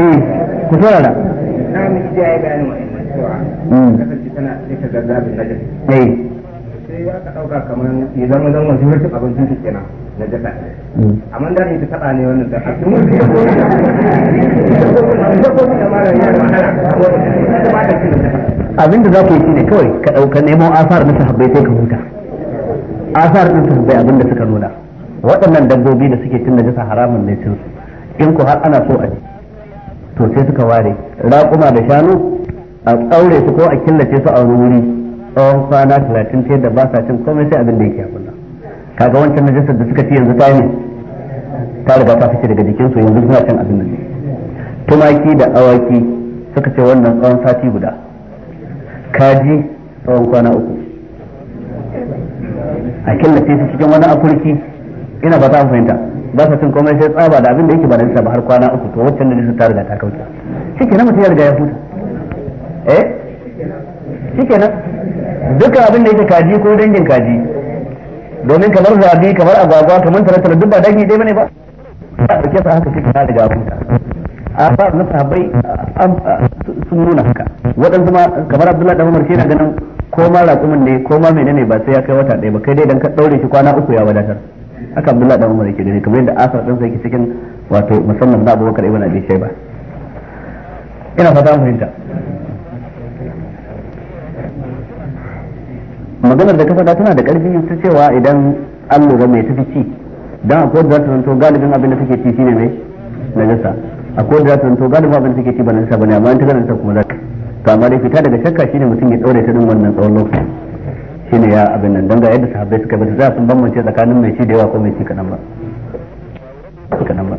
eh, ku tsara da na mu ji ya yi bayanin wa'annan cewa hmm.
magana sai bin najis eh. ya ka dauka kamar idan mun zama abin kenan na hmm. amma da ne ta taba ne wannan da mun ko abin da za yi shine kawai ka dauka nemo asar na sahabbai sai ka huta asar din sahabbai abin da suka nuna waɗannan dabbobi da suke cin najasa haramun ne cin in ko har ana so a to sai suka ware raƙuma da shanu a tsaure su ko a killace su a wuri tsawon kwana talatin ta yadda ba sa cin komai sai abin da yake hakulla kaga wancan najasar da suka ci yanzu ta ne ta riga ta fice daga jikinsu yanzu suna cin abin da tumaki da awaki suka ce wannan tsawon sati guda kaji tsawon kwana uku a killace su cikin wani afurki ina ba ta fahimta ba sa cin komai sai tsaba da abin da yake ba da ba har kwana uku to na da ta riga ta kauce shi ke na mutum ya riga ya huta eh shikenan duka abin da yake kaji ko dangin kaji domin kamar zabi kamar agwagwa kamar taratala duk ba dangi dai bane ba a ɗauke sa haka cikin na riga huta a ba na sahabbai sun nuna haka waɗansu ma kamar abdullahi da umar shi na ganin ko ma raƙumin ne ko ma menene ba sai ya kai wata ɗaya ba kai dai dan ka ɗaure shi kwana uku ya wadatar haka abdullahi da umar yake gani kamar yadda asar ɗin sai ke cikin wato musamman na abubakar ibn abi shaiba ina fata mu fahimta maganar da ka faɗa tana da ƙarfi ta cewa idan an lura mai tafi ci dan a kodin ta zanto galibin abin da take ci shine mai najasa a kodin ta zanto galibin abin da take ci ba najasa bane amma in ta ganin ta kuma zaka to amma dai fita daga shakka shine mutum ya ɗaure ta din wannan tsawon lokaci shine ya abin nan dan ga yadda sahabbai suka bata za su bambance tsakanin mai ci da yawa ko mai ci kaɗan ba kadan ba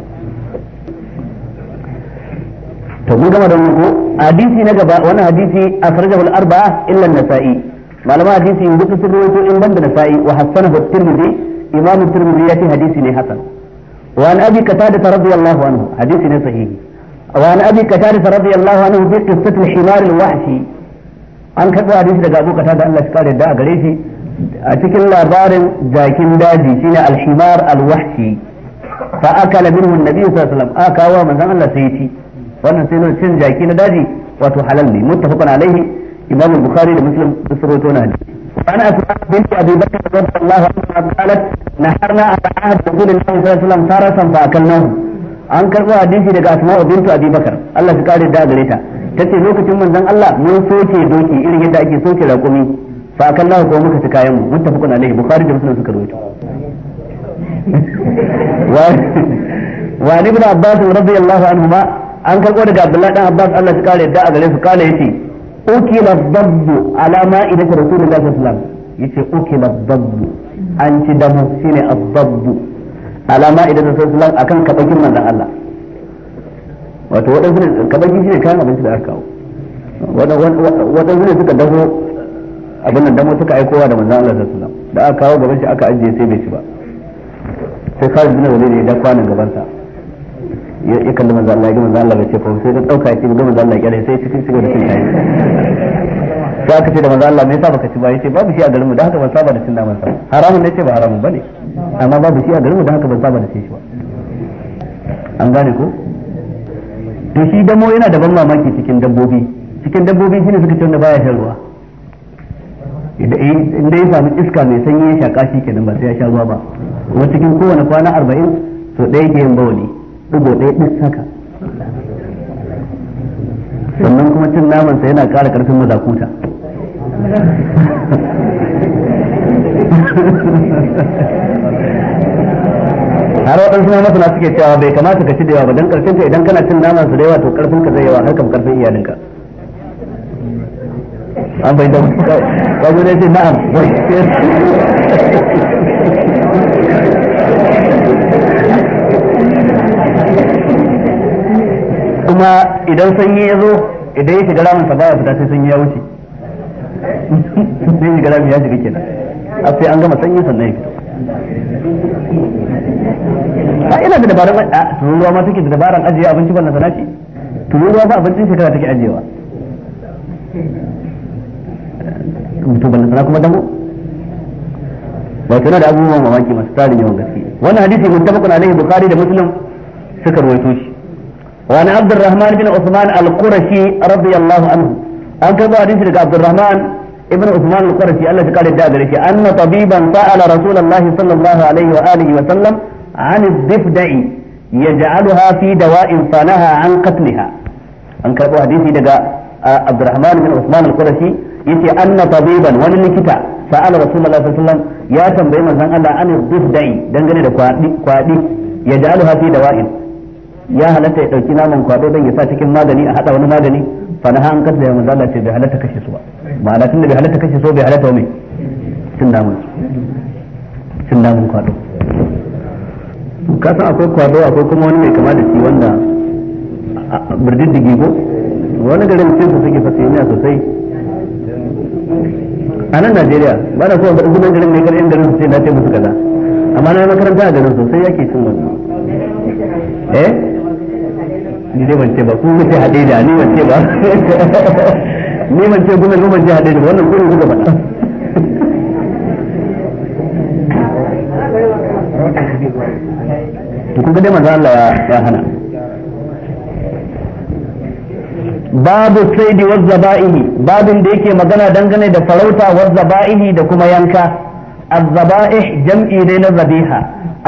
to mun gama da ko hadisi na gaba wannan hadisi a al-arba'a illa nasai malama hadisi in yanzu sun rawaito in banda da sa'i wa hassana wa tirmidhi imam tirmidhi ya ce hadisi ne hasan wa an abi qatada radiyallahu anhu hadisi ne sahihi wa an abi qatada radiyallahu anhu bi qissati al-himar al-wahshi an karbo hadisi daga abu qatada Allah shi kare da a gare shi a cikin labarin jakin daji shine al-himar al-wahshi fa akala minhu an-nabi sallallahu alaihi wasallam aka wa manzon Allah sai ci wannan sai cin jaki na daji wato halal ne muttafaqun alaihi إمام البخاري ومسلم بسروت ونادي وعن أسماء بنت أبي بكر رضي الله عنها قالت نحرنا على عهد رسول الله صلى الله عليه وسلم فرسا فأكلناه an karɓo hadisi daga asma'u bintu abi Allah su kare da gare ta tace lokacin manzon Allah mun soke doki irin yadda ake soke raƙumi fa kan Allah ko muka ci kayan mu muttafaqun alaihi bukhari da muslim suka rawaito wa ibn abbas radiyallahu anhuma an karɓo daga Abdullahi dan abbas Allah su kare da gare su kale yace ukila dabbu ala ta rasulullahi sallallahu alaihi wasallam yace ukila dabbu an ci damu shine ad-dabbu ala ta rasulullahi sallallahu akan kabakin manzon Allah wato wadansu kabakin shine kayan abinci da aka kawo wadansu ne suka dafo abin nan damo suka aikowa da manzon Allah sallallahu alaihi wasallam da aka kawo gaban shi aka ajiye sai bai ci ba sai kawai bin wani ne da gaban sa. ya kalli manzo Allah ya manzo Allah bai ce ko sai da dauka ya ce ga manzo Allah ya kare sai cikin shiga da cin kayan sai aka ce da manzo Allah me yasa baka ci ba yace babu shi a garin mu da haka ban saba da cin naman sa haramun ne ce ba haramun bane amma babu shi a garin mu da haka ban saba da cin shi ba an gane ko to shi damo yana da ban mamaki cikin dabbobi cikin dabbobi shine suka ce wanda baya shan ruwa eh, in dai samu iska mai sanyi ya shaka shi kenan ba sai ya sha ruwa ba kuma cikin kowane kwana arba'in so ɗaya ke yin bawali ɗigo ɗaya ɗin saka sannan kuma cin namansa yana ƙara ƙarfin mazakuta har waɗansu ma masana suke cewa bai kamata ka ci da yawa ba don ƙarfinka idan kana cin naman su da yawa to ƙarfin ka zai yawa har kam ƙarfin iyalinka an bai da kawai dai na'am kuma idan sanyi ya zo idan ya shiga ramin sabaya fita sai sanyi ya wuce sai shiga ramin ya shiga kenan a sai an gama sanyi sannan ya fito
a ina da dabarun a
tururuwa ma take da dabaran ajiye abinci ban nasara ce tururuwa ba abincin shekara take ajiyewa to ban sana kuma dango ba yana da abubuwan mamaki masu tarin yawan gaske wannan hadisi muttafaqun alaihi bukhari da muslim suka ruwaito shi وعن عبد الرحمن بن عثمان القرشي رضي الله عنه أن كذا حديث عبد الرحمن ابن عثمان القرشي الذي قال الدادري أن طبيبا سأل رسول الله صلى الله عليه وآله وسلم عن الضفدع يجعلها في دواء فنهى عن قتلها أن كذا حديث دقاء عبد الرحمن بن عثمان القرشي يتي أن طبيبا وللكتا سأل رسول الله صلى الله عليه وسلم يا تنبئي من الله عن الضفدع دنجني دقاء يجعلها في دواء ya halatta ya dauki naman kwado don ya sa cikin magani a hada wani magani fa na an kadda ya manzala ce bai halatta kashe su ba ma'ana tunda bai halatta kashe su bai halatta mai cin naman cin naman kwado kasan akwai kwado akwai kuma wani mai kama da shi wanda birdin digigo wani garin sai su suke fasiyaniya sosai a nan Najeriya ba na so ba gudan garin mai garin garin sai na ce musu kaza amma na makaranta a garin sosai yake cin wannan eh ni dai ban ce ba ku kuke haɗe da ni ban ce ba ni ban ce gumel ban ce haɗe da wannan gurin kuka faɗa to kun ga dai manzo Allah ya hana babu saidi wa zaba'ihi babin da yake magana dangane da farauta wa zaba'ihi da kuma yanka الذبائح jam'i ne na zabiha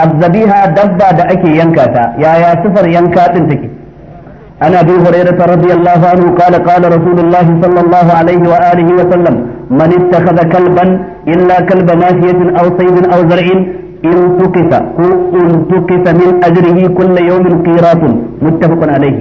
الذبيحة dabba da ake yanka ta yaya sifar yanka din take عن ابي هريره رضي الله عنه قال قال رسول الله صلى الله عليه واله وسلم من اتخذ كلبا الا كلب ماشيه او صيد او زرع انتكس انتكس من اجره كل يوم قيراط متفق عليه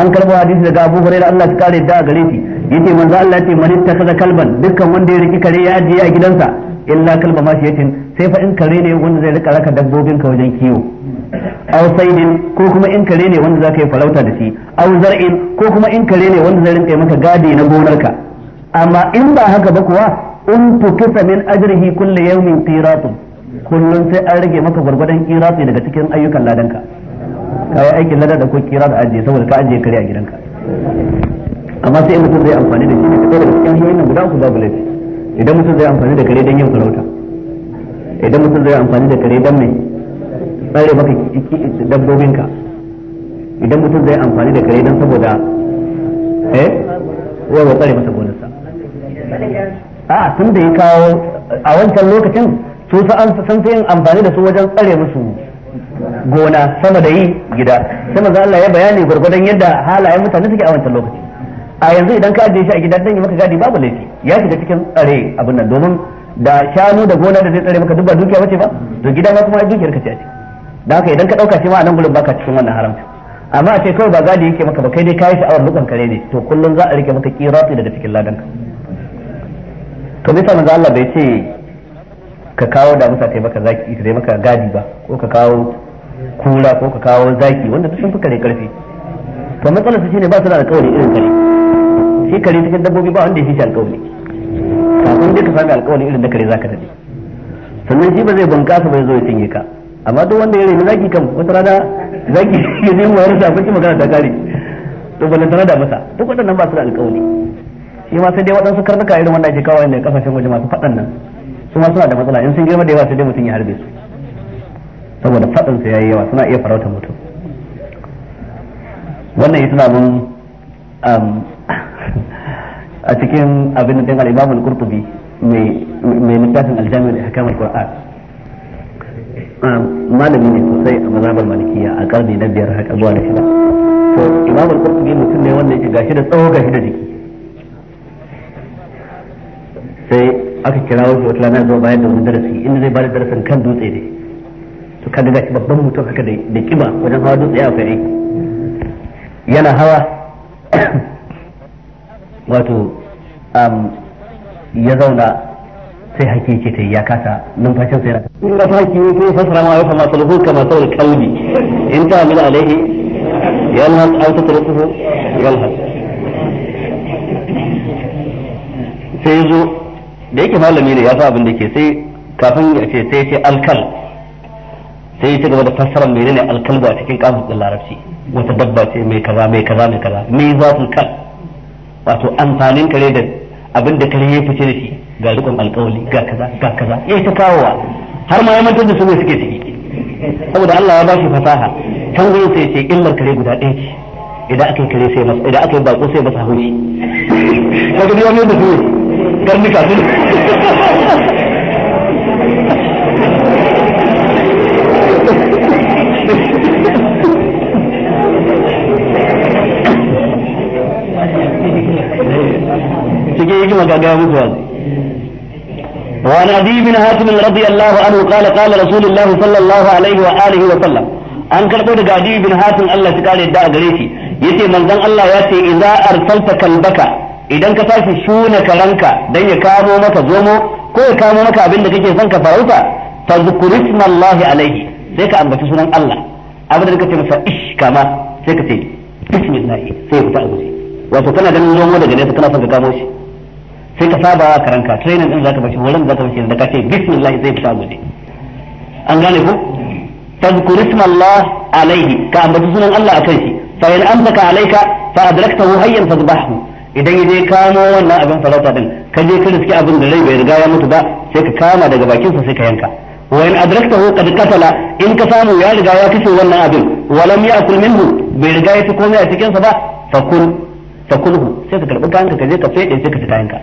an karbo hadisi daga Abu Hurairah Allah ya kare da gare shi yace manzo Allah yace man ittakhadha kalban dukkan wanda ya riki kare ya ajiye a gidansa illa kalba ma shi yace sai fa in kare ne wanda zai rika raka dabbobin ka wajen kiwo aw saidin ko kuma in kare ne wanda zaka yi farauta da shi aw zar'in ko kuma in kare ne wanda zai rinka maka gadi na gonarka amma in ba haka ba kuwa in tukisa min ajrihi kulli yawmin qiratun kullun sai an rage maka gurgurdan qirati daga cikin ayyukan ladanka kawai aikin ladan da ko qirat a ajiye saboda ka ajiye kare a gidanka amma sai mutum zai amfani da shi ne daga cikin hanyoyin nan guda uku babu laifi idan mutum zai amfani da kare don yin farauta idan mutum zai amfani da kare don mai tsare maka dabbobinka idan mutum zai amfani da kare don saboda eh wai wa tsare masa gonarsa a tun da ya kawo a wancan lokacin su an san sai amfani da su wajen tsare musu gona sama da yi gida sai maza Allah ya bayani gurgurdan yadda halayen mutane suke a wancan lokaci a yanzu idan ka ajiye shi a gida dan yi maka gadi babu laifi ya shiga cikin tsare abin nan domin da shanu da gona da zai tsare maka duk ba dukiya bace ba to gida ma kuma dukiyar ka ce a ciki da haka idan ka dauka shi ma nan gurin baka cikin wannan haramcin amma a ce kawai ba gadi yake maka ba kai dai kayi sha'awar lukan kare ne to kullum za a rike maka kiratu daga cikin ladan ka to bisa manzo Allah bai ce ka kawo da musa kai maka zaki kai maka gadi ba ko ka kawo kura ko ka kawo zaki wanda sun fi kare karfi to matsalar su shine ba su da alƙawari irin kare shi kare cikin dabbobi ba wanda ya shi alƙawari kafin dai ka sami alƙawari irin da kare zaka tafi sannan shi ba zai bunkasa ba ya zo ya cinye ka amma duk wanda ya rena zaki kam wata rana zaki ya zai mu yarsa kun ci magana da gari to ba lantana da masa duk wadannan ba su da alƙawari shi ma sai dai waɗansu karnuka irin wanda ake kawo inda kasashen waje masu faɗan nan su ma suna da matsala in sun girma da yawa sai dai mutum ya harbe su saboda faɗan su yayi yawa suna iya farautar mutum wannan ya na mun um, a cikin abin da al-Imam kurkubi qurtubi mai littafin al-Jami' al-Ahkam quran malami ne sosai a mazhabar malikiya a karni na biyar haka zuwa da shida to imam al-qurtubi mutum ne wanda yake gashi da tsawo gashi da jiki sai aka kira wasu wata rana zuwa bayan da wani darasi inda zai bada darasin kan dutse ne to kan gashi babban mutum haka da kiba wajen hawa dutse ya fere yana hawa wato ya zauna sai hakiki ce ta ya kasa numfashin sai rata in da haki ne sai fasara ma ya kama sulhu kama saul qauli in ta amina alaihi yalhas kuma ya yalhas sai zo da yake malami ne ya sa abin da ke sai kafin ya ce sai ce alkal sai ya ci gaba da fassarar ne alkal a cikin kafin din larabci wata dabba ce mai kaza mai kaza mai kaza mai zafin kal wato amfanin kare da abin da kare ya fice da shi ga rikon alkawali ga kaza ga kaza yayi eh, ta kawowa har ma ya mantar da su ne suke ciki saboda Allah ya ba shi fasaha can gurin sai ce in markare guda ɗaya ce idan aka yi kare sai masa idan aka yi bako sai masa haushi kaga biyo ne da su karnuka su cikin hikima ga gaya mutuwa وعن أبي بن هاتم رضي الله عنه قال قال رسول الله صلى الله عليه وآله وسلم an karɓo daga Adi bin Hatim Allah shi kare da a gare shi yace manzon Allah ya ce idza arsalta kalbaka idan ka tashi shuna karanka dan ya kamo maka zomo ko ya kamo maka abin da kake son ka farauta fadhkur isma Allah alaihi sai ka ambaci sunan Allah abin da kake masa ish kama sai ka ce sai fita a kana ganin zomo daga nesa kana son ka kamo shi sai ka saba wa karanka training din zaka bashi wurin zaka bashi da kace bismillah zai fita guje an gane ko tazkur ismallah alaihi ka ambaci sunan Allah akan shi fa in amsaka alaika fa adraktahu hayyan fadhbahu idan yaje kamo wannan abin farauta din ka je ka riski abin da rai bai riga ya mutu ba sai ka kama daga bakin sa sai ka yanka wa in adraktahu qad qatala in ka samu ya riga ya kace wannan abin wa lam ya'kul minhu bai riga ya ci komai a cikin sa ba fa kun fa kulhu sai ka karbi kanka ka je ka fede sai ka ci kayanka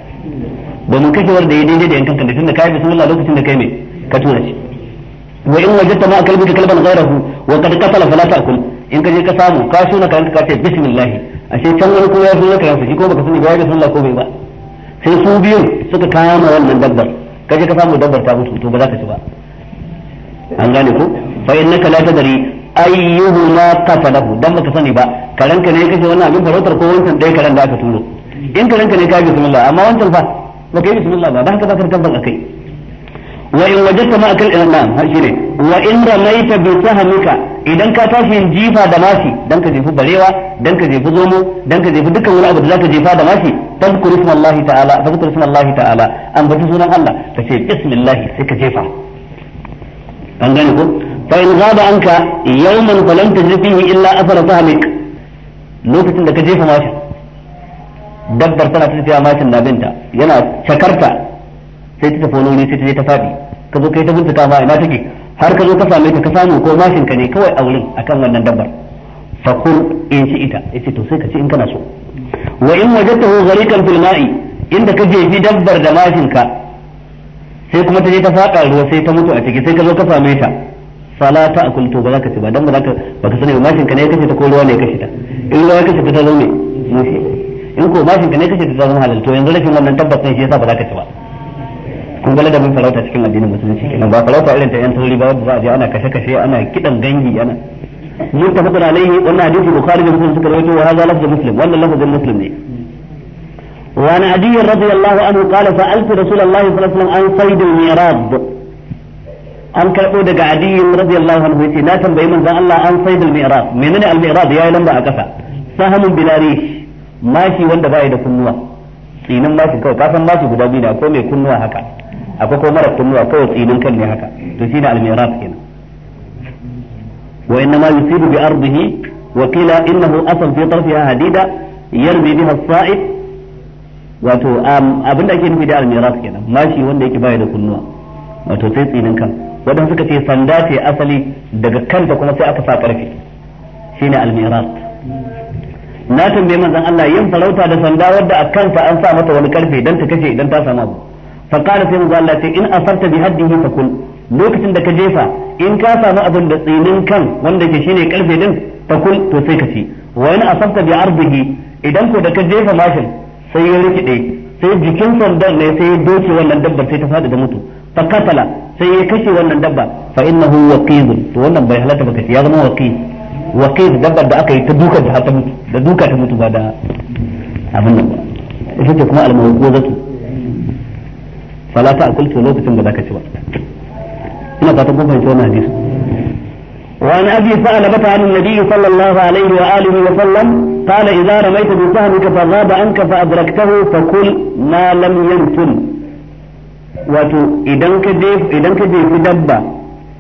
ba mu kashe wanda ya daidai da yankan kan tunda kai bismillah lokacin da kai me ka tura shi wa in wajadta ma kalbika kalban ghayrahu wa qad qatala fala ta'kul in ka je ka samu ka shuna ka ka ce bismillah ashe can wani ko ya shuna ka yanka shi ko baka sani ba ya bismillah ko bai ba sai su biyu suka kama wannan dabbar ka je ka samu dabbar ta mutu to ba za ka ci ba an gane ko fa innaka la tadri ayyuhuma qatalahu dan baka sani ba karanka ne kace wannan abin farautar ko wancan dai karan da aka turo in karanka ne ka bismillah amma wancan fa baka yi bismillah ba ba haka baka tabbas akai wa in wajadta ma akal inam har shine wa in ramaita bi sahmika idan ka tashi yin jifa da mashi dan ka jefi barewa dan ka jefi zomo dan ka jefi dukkan wani abu da zaka jefa da mashi tadhkuru ismallahi ta'ala tadhkuru ismallahi ta'ala an bata sunan Allah ka ce bismillah sai ka jefa an gane ko fa in ghaba anka yawman falam tajri fihi illa afara sahmik lokacin da ka jefa mashi dabbar tana ta tafiya mashin na binta yana cakarta sai ta tafi wani wuri sai ta je ta fadi ka zo kai ta bincika ma ina take har ka zo ka same ta ka samu ko mashin ka ne kawai a wurin akan wannan dabbar fakur in eh, shi ita yace to sai ka ci in kana so wa in wajadtahu ghariqan fil ma'i inda ka jefi dabbar da mashin ka sai kuma ta je ta fada ruwa sai ta mutu a ciki sai ka zo ka same ta fala ta akul to ba za ka ci ba dan ba za ka baka sani mashin ka ne ya kashe ta ko ruwa ne ya kashe ta in ruwa ya kashe ta ta zo ne in ko bashin ka ne kace da zama halal to yanzu rashin wannan tabbas ne shi yasa ba za ka ci ba kun ga ladabin sarauta cikin addinin musulunci kenan ba sarauta irin ta yan tauri ba ba je ana kashe kashe ana kidan gangi ana muttafaqun alaihi wannan hadisi bukhari da muslim suka rawaito wa hadha lafzu muslim wannan lafzun muslim ne وعن عدي رضي الله عنه قال سألت رسول الله صلى الله عليه وسلم عن صيد الميراض an karɓo daga adiyin radiyallahu anhu yace na tambayi manzon Allah an saidul mi'rab menene al mi'rab yayi lamba a ƙasa sahamun bilarish mashi wanda baya da kunnuwa tsinin mashi kawai kasan san mashi guda biyu ne akwai mai kunnuwa haka akwai ko mara kunnuwa kawai tsinin kan ne haka to shine al-mi'raj kenan wa inna ma yusibu bi ardihi wa qila innahu asal fi tarfiha hadida yarmi biha as-sa'id wato abinda ake nufi da al-mi'raj kenan mashi wanda yake baya da kunnuwa wato sai tsinin kan wadanda suka ce sanda ce asali daga kanta kuma sai aka sa karfe shine al-mi'raj na tambaye manzon Allah yin farauta da sanda wadda a kansa an sa mata wani karfe dan ta kashe idan ta samu abu fa qala sai manzon Allah ce in asarta bi haddihi fa kul lokacin da ka jefa in ka samu abin da tsinin kan wanda ke shine karfe din fa kul to sai ka ci wa in asarta bi ardihi idan ko da ka jefa mashin sai ya rikide sai jikin sandan ne sai ya doke wannan dabbar sai ta fada da mutu fa katala sai ya kashe wannan dabba fa innahu waqizun to wannan bai halatta baka ya zama waqiz waqif dabbar da aka yi ta dukan ta ta mutu da duka ta mutu ba da abin nan ba ita ce kuma al-mawquzatu fala ta akulta lokacin da zaka ci ba ina fatan kun fahimci wannan hadisi sallallahu alaihi ثعلبة عن النبي صلى الله عليه واله وسلم قال اذا رميت بسهمك فغاب عنك فادركته فكل ما لم ينفل wato idan ka je idan ka je dabba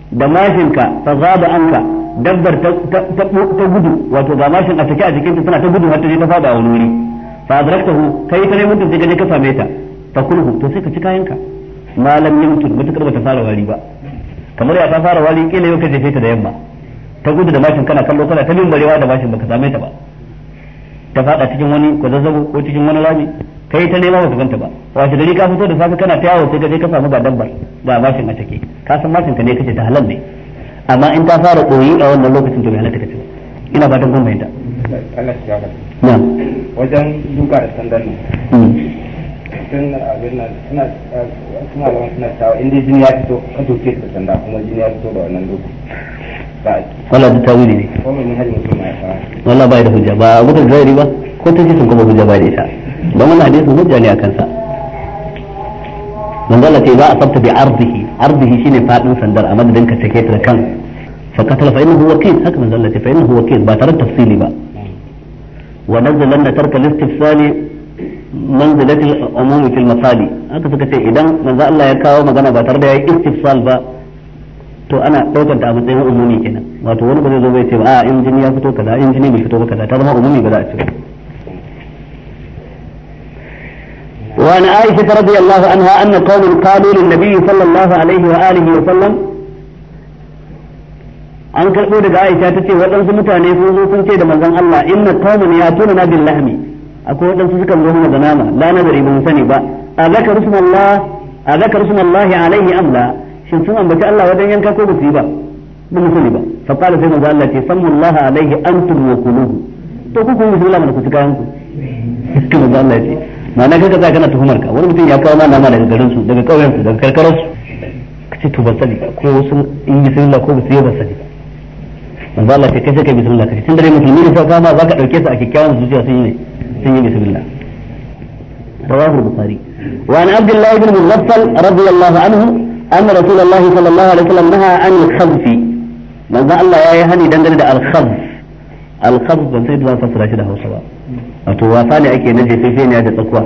da mashinka fa gaba anka dabbar ta gudu wato ga mashin a take a jikin ta tana ta gudu har ta je ta fada a wani wuri fa adraktahu kai ta neman sai kaje ka same ta ta kulhu to sai ka ci kayan ka malam yamtun karba ta fara wari ba kamar ya ta fara wari kila yau ka jefe ta da yamma ta gudu da mashin kana kallo kana ta limbarewa da mashin baka same ta ba ta fada cikin wani kwazazzabo ko cikin wani rami kai ta nema wata ganta ba wace dare ka fito da safe kana ta yawo sai ka je ka samu ga dabbar ga mashin a take ka san mashin ka ne kace ta halal ne amma in ta fara koyi a wannan lokacin to bai halatta kace ina fatan kun bayyana
na wajen duka da sandan ne hmm. tun abin nan suna suna da suna tawa inda jini ya fito ka doke da sanda kuma jini ya fito da wannan lokacin
wala da tawili
ne
wala bai da hujja ba abu da zairi ba ko ta ce sun kuma hujja bai da ita don wannan hadisin hujja ne a kansa manzo Allah ce za a sabta bi arzihi arzihi shine fadin sandar a madadin ka take ta kan فقتل فإنه وكيل حكم زلتي فإنه وكيل باترى التفصيلي بقى ونزل أن ترك الاستفسال منزلة العموم في المصالي هذا فكتي إذن من ذا الله يكاو ما قنا باترى بها استفسال بقى تو أنا توقع تعمل إيه أمومي كنا واتوون قد يزو بيتي آه إنجني يفتو كذا إنجني بيفتو كذا ترمى أمومي بلا أتو وعن عائشة رضي الله عنها أن قوم قالوا للنبي صلى الله عليه وآله وسلم an karɓo daga Aisha ta ce waɗansu mutane sun zo sun ce da manzon Allah inna qauman yatuna bil lahmi akwai waɗansu suka zo mana da nama la nazari ban sani ba a alaka rusmallah alaka rusmallahi alaihi amla shin sun ambaci Allah wajen yanka ko ba su yi ba ba mu sani ba fa qala sai manzon Allah ce sammullaha alaihi antum wa kuluhu to ku kun bismillah mana ku tukayan ku sai manzon Allah ce ma'ana kaga za kana tuhumar ka wani mutum ya kawo ma nama daga garin su daga kauyen su daga karkarar su kace to ba sani ko sun in bismillah ko ba su yi ba sani ba manzo Allah sai kai sai kai bismillah kai tun da musulmi ne sai kama zaka dauke su a kikkiawan zuciya sun yi sun yi bismillah رواه البخاري وعن عبد الله بن مغفل رضي الله عنه أن رسول الله صلى الله عليه وسلم za عن الخلف من ذا الله يا هني دندن الخلف الخلف بن سيد الله فسر شده وصوا أتوافى لأكي نجي في فين يجي تقوى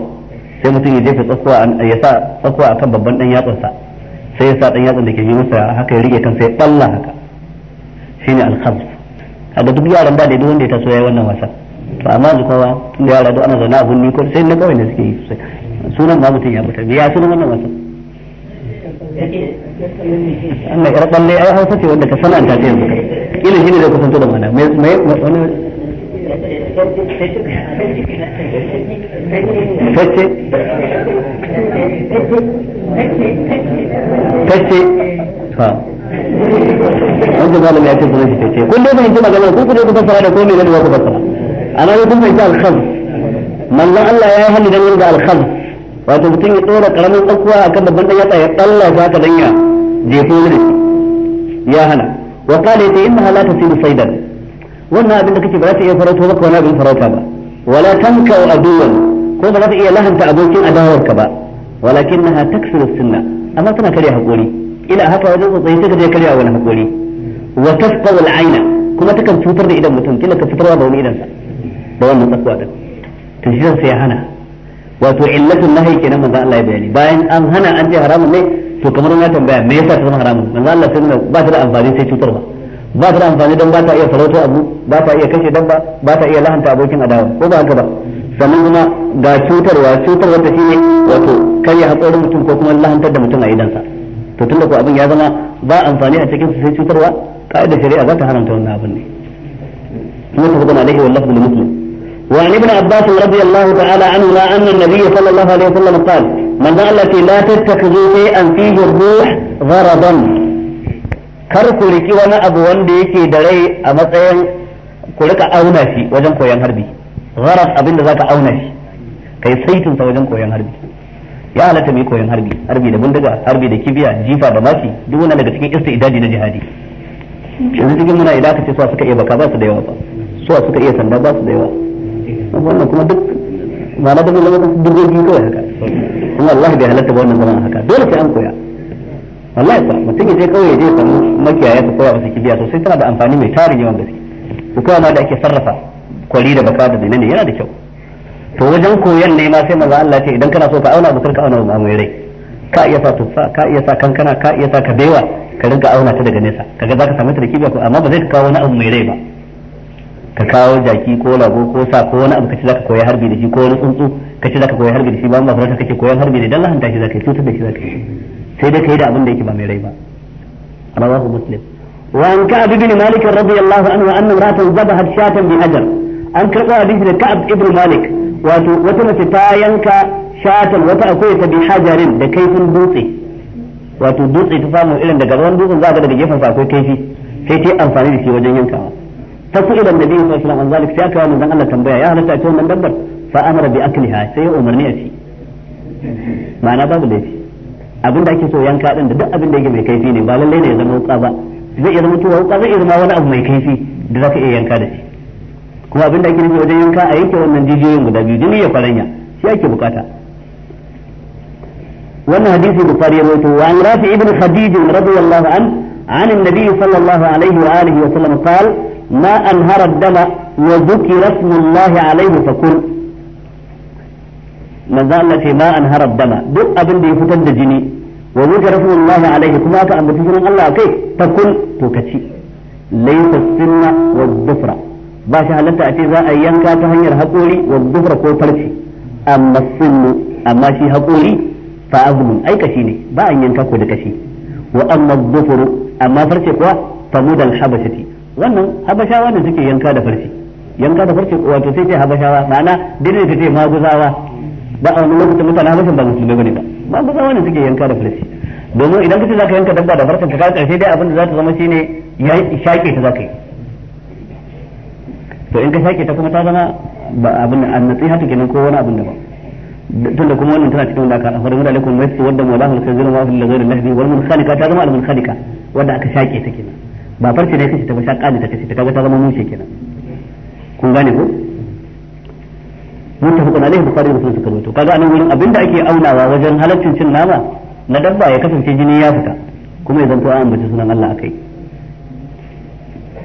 sai mutum ya jefa tsakuwa ya sa tsakuwa akan babban dan yatsansa sai ya sa dan yatsan da ke yi masa haka ya rike kansa ya balla haka shine al-khams kaga duk yaran ba da duk wanda ya taso yayi wannan wasa to amma yanzu kowa tunda yara duk ana zaune a gunni ko sai na kawai da suke yi sosai sunan ba mutum ya fita ya sunan wannan wasa Allah ya raballe ai hausa ce wanda ka sananta ta yanzu kila shine da kusanto da mana mai mai wani tacce tacce tacce wanda da ya ce sunan shi tece kun dai fahimci magana ku kuje ku fassara da komai ne ba ku fassara amma ne kun fahimci alkhaz manzon Allah ya yi hannu dan yin da alkhaz wato mutum ya tsora karamin tsakuwa akan babban dan yatsa ya tsalla za ka danya jefo ne ya hana wa qala ta innaha la tasiru saydan wannan abin da kake ba za ta iya farauta ba wani abin farauta ba wala tamka tanka aduwan ko ba za ta iya lahanta abokin adawarka ba walakin walakinnaha taksiru sunna amma tana kare hakuri ina haka wajen tsotsayi sai ka je karya wani hakuri wa tasqaw al-aina kuma takan cutar da idan mutum kila ka fitarwa da wani idan sa da wannan tsakwa din to shi sai ya hana wato illatul nahyi kenan manzo Allah ya bayani bayan an hana an ce haramun ne to kamar na tambaya me yasa ta zama haramun manzo Allah sai ba ta da amfani sai cutarwa ba ta da amfani don ba ta iya farauto abu ba ta iya kashe dabba ba ta iya lahanta abokin adawa ko ba haka ba sannan kuma ga cutarwa cutarwa ta shine wato karya haƙorin mutum ko kuma lahantar da mutum a sa. to tunda ko abin ya zama ba amfani a cikin su sai cutarwa ka'idar shari'a za ta haramta wannan abin ne متفق عليه an لمسلم وعن ابن عباس رضي الله تعالى عنهما ان النبي صلى الله عليه وسلم قال من ذا التي لا تتخذوا an fi الروح غرضا kar ku riki wani abu wanda yake da rai a matsayin ku rika auna shi wajen koyon harbi gharar abinda zaka auna shi kai saitin sa wajen koyon harbi ya halatta mai koyon harbi harbi da bindiga harbi da kibiya jifa da maki duk wannan daga cikin istidadi na jihadi yanzu cikin muna idan aka ce suwa suka iya baka ba su da yawa ba suwa suka iya sanda ba su da yawa wannan kuma duk da na da duk dubogi kawai haka kuma allah bai halatta ba wannan zaman haka dole sai an koya wallahi ba mutum ya je kawai ya je samu makiyaya su koya wasu kibiya sosai tana da amfani mai tarin yawan gaske ko kawai ma da ake sarrafa kwali da baka da zinane yana da kyau to wajen koyon ne ma sai maza Allah ce idan kana so ka auna mutum ka auna mu rai ka iya sa tuffa ka iya sa kankana ka iya sa kabewa ka rinka auna ta daga nesa kaga zaka samu ta da kibiya ko amma ba zai ka kawo wani abu mai rai ba ka kawo jaki ko lago ko sa ko wani abu kace zaka koyi harbi da shi ko wani tsuntsu kace zaka koyi harbi da shi ba amma fara kake koyan harbi ne dan lahanta shi zaka yi cutar da shi zaka yi sai dai kai da abin da yake ba mai rai ba rawahu muslim وعن كعب بن مالك رضي الله عنه أن امرأة ذبحت شاة بأجر أن كعب بن كعب ابن مالك wato wata mace ta yanka shatan wata akwai ta bi hajarin da kaifin dutse wato dutse ta samu irin daga ruwan dutsen za ga daga gefen sa akwai kaifi sai ta amfani da shi wajen yankawa ta fi ilan nabi sallallahu alaihi wasallam an zalik sai aka manzon Allah tambaya ya halatta a ce wannan dabbar fa amara bi akliha sai ya umarni a ci ma'ana babu laifi abin da ake so yanka din da duk abin da yake mai kaifi ne ba lallai ne ya zama wuka ba zai iya zama tuwa wuka zai iya zama wani abu mai kaifi da zaka iya yanka da shi kuma abin da ake nufi wajen yanka a yanke wannan jijiyoyin guda biyu jini ya faranya shi ake bukata wannan hadisi bukhari ya rawaito wa an rafi ibn khadij radiyallahu an عن النبي صلى الله عليه وآله وسلم قال ما أنهر الدم وذكر اسم الله عليه فكل من ذا التي ما أنهر الدم دق أبن دي فتن دجني وذكر اسم الله عليه كما كأن بتجرم الله كيف فكل تكتي ليس السن والظفرة ba shi halatta a ce za a yanka ta hanyar haƙori wa gufra ko farce amma sunnu amma shi haƙori fa azmun ai kashi ne ba an yanka ko da kashi wa amma gufru amma farce kuwa fa mudal habashati wannan habashawa ne suke yanka da farce yanka da farce wato sai ce habashawa ma'ana dinne ta ce maguzawa ba a wani lokacin mutane habashin ba musulmai bane ba maguzawa ne suke yanka da farce domin idan kace zaka yanka dabba da farcen ka karshe dai abin da za ta zama shine ya shake ta zaka yi to in ka sake ta kuma ta zama ba abin da annasiha take kenan ko wani abin da ba tunda kuma wannan tana cikin aka fa wadda alaikum wasti wadda mawlahu sayyidina wa fil ghairi lahdi wal munkhaliqa ta zama al munkhaliqa wadda aka shake ta kenan ba farce ne kace ta ba shaka ne ta kace ta kaga ta zama mushe kenan kun gane ko muttafaqun alaihi bukhari da muslim suka kaga anan wurin abinda ake aunawa wajen halaccin cin nama na dabba ya kasance jini ya fita kuma ya zanto an ambaci sunan Allah akai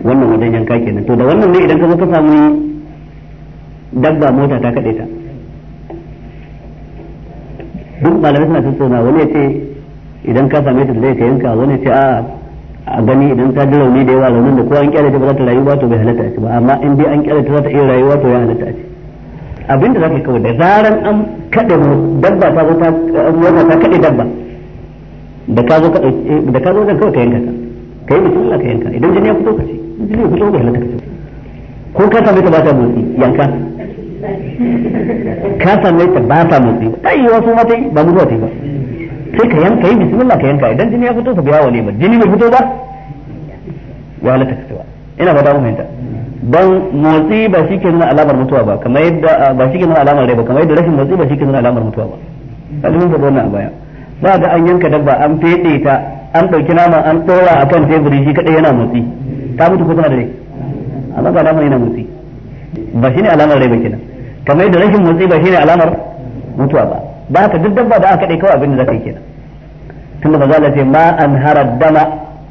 wannan wajen yanka kenan to da wannan ne idan ka zo ka samu dabba mota ta kaɗe ta duk malamai suna tattauna wani ya ce idan ka same ta zai ka yanka wani ya ce a a gani idan ta ji rauni da yawa raunin da ko an kyale ta ba za ta rayuwa to bai halatta a ba amma in dai an kyale ta za ta iya rayuwa to ya halatta a abin da za ka yi kawai da zaran an kaɗe dabba ta zo ta ta kaɗe dabba da ka zo ka ɗauki da ka zo kawai ka yanka ka yi mutum Allah ka yanka idan jini ya fito ka ce zai fito ga halaka ko ka same ta ba ta motsi yanka ka same ta ba ta motsi ta yi wasu mata ba mutuwa ta yi ba sai ka yanka yi bismillah ka yanka idan jini ya fito ka biya wa ne ba jini bai fito ba ya halatta ka cewa ina ba damu fahimta ban motsi ba shi ke nuna alamar mutuwa ba kamar yadda ah, ba shi ke nuna alamar rai ba kamar yadda rashin motsi ba shi ke nuna alamar mutuwa ba kalmin ka wannan a baya ba da an yanka dabba an fede ta an ɗauki nama an tsora akan teburi shi kaɗai yana motsi ta mutu ko tana da rai amma ba alamar yana motsi ba shine alamar rai ba kenan kamar yadda rashin motsi ba shine alamar mutuwa ba da haka duk dabba da aka dai kawai abin da zaka yi kenan tunda maza Allah ce ma an harad dama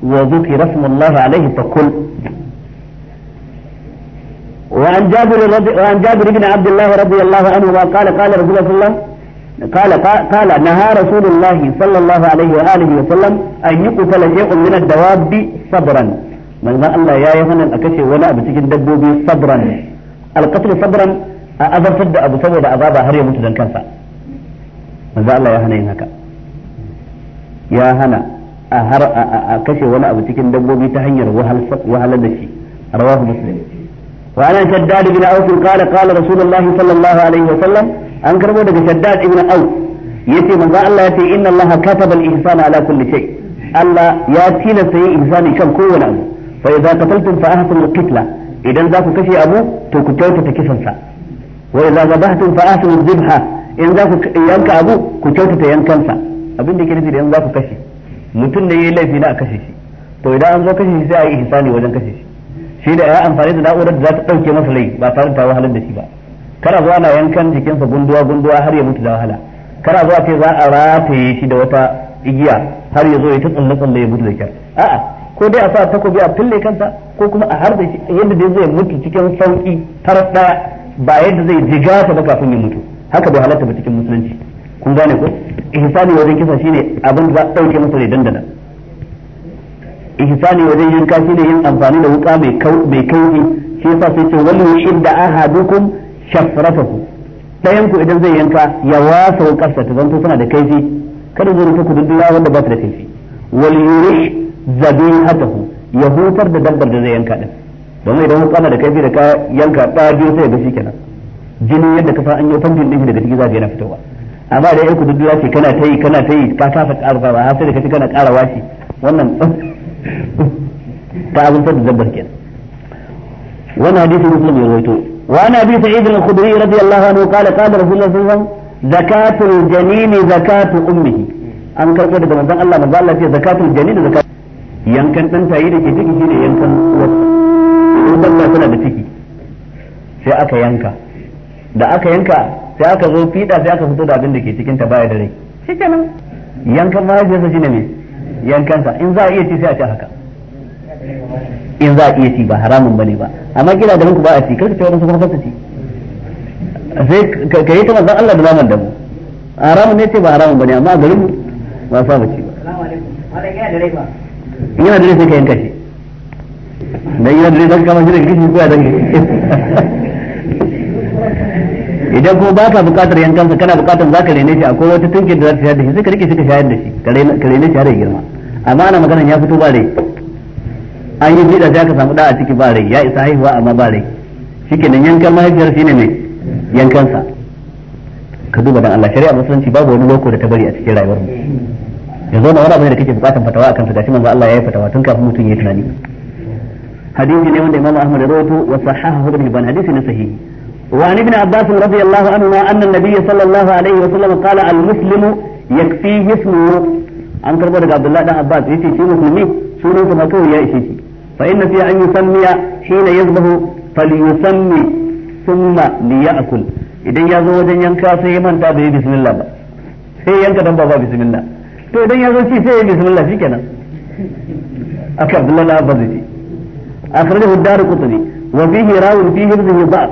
wa dhukira rasmullah alaihi fakul وعن جابر رضي وعن جابر بن عبد الله رضي الله عنهما قال قال رسول الله قال قال نهى رسول الله صلى الله عليه واله وسلم ان يقتل شيء من الدواب صبرا manzon Allah ya yi hanin a kashe wani abu cikin dabbobi sabran alqatl sabran a azartar da abu saboda azaba har ya mutu dan kansa manzon Allah ya hana yin haka ya hana a har a kashe wani abu cikin dabbobi ta hanyar wahalar da shi rawahu muslim wa ana shaddad ibn auf qala qala rasulullah sallallahu alaihi wa sallam an karbo daga shaddad ibn auf yace manzo Allah yace inna Allah kataba al-ihsana ala kulli shay Allah ya tilasta yin ihsani kan kowane abu fa idza qataltum fa ahsinu al-qitla idan za ku kashe abu to ku kyautata kisan sa wa idza zabahtum fa ahsinu al-dhabha in za ku yanka abu ku kyautata yankan sa abin da ke nufi da in za ku kashe mutum ne yayi laifi na a kashe shi to idan an zo kashe shi sai a yi ihsani wajen kashe shi shi da ya amfani da na'urar da za ta dauke masa lai ba tare da wahalar da shi ba kana zuwa na yankan jikinsa gunduwa gunduwa har ya mutu da wahala kana zuwa ce za a rataye shi da wata igiya har ya zo ya ta tsalle tsalle ya mutu da kyar a'a ko dai a sa takobi a fille kansa ko kuma a harbe shi yadda dai zai mutu cikin sauki taras daya ba yadda zai jiga ta ba kafin ya mutu haka bai halatta ba cikin musulunci kun gane ko ihsani wajen kisa shine abin da za a dauke masa ne dandana ihsani wajen yanka shine yin amfani da wuka mai kau mai kauri shi yasa sai ce wani shidda ahadukum shafratahu dayan ku idan zai yanka ya wasa wukarsa ta zanto tana da kaifi kada zai ta ku wanda ba ta da kaifi wal yurish zabihatahu ya hutar da dabbar da zai yanka din domin idan hukana da kai bi da ka yanka ɗaya biyu sai ga shi kenan jini yadda ka fa an yi fantin din daga ciki za yana fitowa amma da yanku duddura ce kana ta yi kana ta yi ka kafa ƙarfa ba har sai da kace kana ƙara washi wannan ta azuntar da dabbar kenan wannan hadisi muslim ya rawaito wa ana bi sa'id al-khudri radiyallahu anhu qala qala rasulullah sallallahu alaihi wasallam zakatul zakatu ummihi an karɓo daga manzon Allah manzon Allah ce zakatul janini zakatu yankan dan tayi da ke ciki shine yankan wasu idan dabba tana da ciki sai aka yanka da aka yanka sai aka zo fida sai aka fito da abin da ke cikin ta baya da rai kenan yankan shi shine me sa in za a iya ci sai a ci haka in za a iya ci ba haramun bane ba amma gida da ku ba a ci karka ce wadansu kuma ci sai ka yi ta kamar Allah da zaman da mu haramun ne ce ba haramun bane amma a garin mu ba sa ba ci ba in yana dare sai ka yanka shi dan yana dare kama shi da kishi ko ya dange idan kuma ba ka bukatar yankansa kana bukatar za ka rene shi akwai wata tunkin da za ta shayar da shi sai ka rike shi ka shayar da shi ka rene shi har ya girma amma ana magana ya fito ba rai an yi jida sai ka samu da a ciki ba rai ya isa haihuwa amma ba rai shikenan yankan mahaifiyar shine ne yankansa ka duba dan Allah shari'a musulunci babu wani loko da ta bari a cikin rayuwar mu ya zo na wani abu da kake bukatan fatawa akan su gashi manzo Allah ya yi fatawa tun kafin mutum ya yi tunani hadisi ne wanda Imam Ahmad rawaito wa sahahahu ibn Hibban hadisi ne sahihi wa ibn Abbas radiyallahu anhu anna an-nabiy sallallahu alaihi wa sallam qala al-muslimu yakfihi ismuhu an karbo daga Abdullah dan Abbas yace shi musulmi sunan sa kawai ya ishe shi fa inna fi an yusammiya hina yazbahu falyusammi thumma liya'kul idan ya zo wajen yanka sai ya manta bai bismillah ba sai yanka dan ba bismillah to idan ya zo ci sai ya bismillah shikenan aka abdullahi abbas ce akhrajahu ad-darqutni wa fihi rawun fihi ibnu ba'd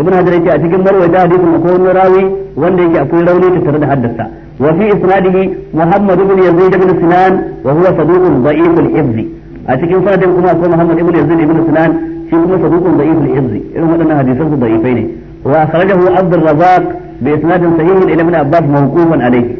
ibn hajar yake a cikin da hadisin akwai wani rawi wanda yake akwai rauni ta tattare da haddasa wa fi isnadihi muhammad ibn yazid ibn sinan wa huwa saduqun da'if al-ibzi a cikin sanadin kuma akwai muhammad ibn yazid ibn sinan shi kuma saduqun da'if al-ibzi irin waɗannan hadisan su da'ifai ne wa akhrajahu abd al-razzaq bi isnadin sahihin ila ibn abbas mawqufan alayhi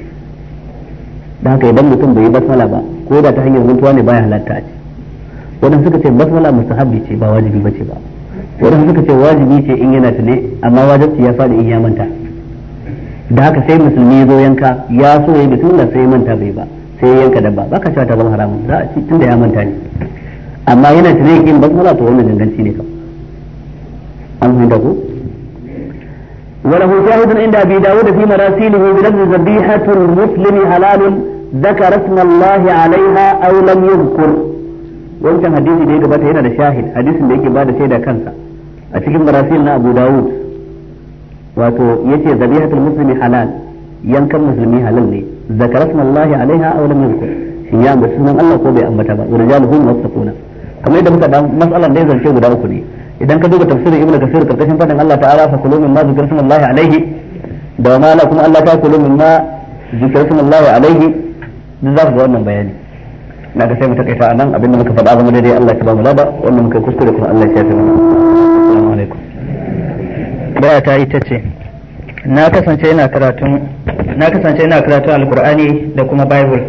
da haka idan mutum bai yi basmala ba ko da ta hanyar mutuwa ne baya halatta a ce wadanda suka ce basmala mustahabbi ce ba wajibi ba ce ba wadanda suka ce wajibi ce in yana tune amma wajibci ya faɗi in ya manta da haka sai musulmi ya zo yanka ya so ya yi bismillah sai manta bai ba sai yanka dabba baka cewa ta zama haramun za a ci tunda ya manta ne amma yana tune yin basmala to wannan ganganci ne kam an fahimta ko وله شاهد عند أبي داود في مراسيله بلفظ ذبيحة المسلم حلال ذكر اسم الله عليها أو لم يذكر wancan hadisi da ya gabata yana da shahid hadisin da yake ba da shaida kansa a cikin marasil na abu dawud wato yace zabihatul muslimi halal yankan musulmi halal ne zakara sunallahi alaiha aw lam yuzkur shin ya ambaci sunan Allah ko bai ambata ba wa rijaluhum wasafuna kamar yadda muka da mas'alan da ya zance guda uku ne idan ka duba tafsirin ibnu kasir karkashin fadin Allah ta'ala fa kulu mimma Allah alaihi da ma la kuma Allah ta kulu mimma Allah alaihi duk za ku ga wannan bayani na ga sai mu takaita anan abinda muka faɗa zama daidai Allah ya ba mu laba wannan muka kuskure kuma Allah ya shafe mu assalamu alaikum baya ta ita ce na kasance ina karatun na kasance ina karatun alqur'ani da kuma bible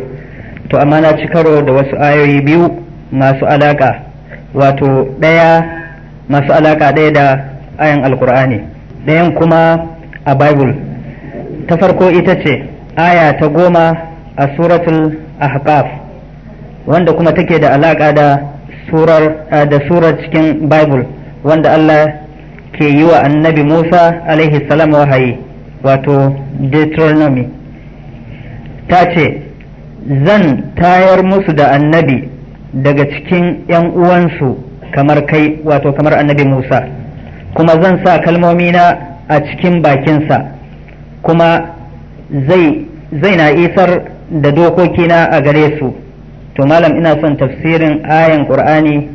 to amma na ci karo da wasu ayoyi biyu masu alaka wato daya masu alaka ɗaya da ayan alkur'ani ɗayan kuma a bible ta farko ita ce aya ta goma a suratul ahqaf wanda kuma take da alaka da surar da surar cikin bible wanda Allah ke yi wa annabi Musa alaihi salam wahayi wato Deuteronomy ta ce zan tayar musu da annabi daga cikin ‘yan uwansu kamar kai wato kamar annabi Musa kuma zan sa kalmomina a cikin bakinsa kuma zai zai na isar da dokokina a gare su to malam ina son tafsirin ayan qur'ani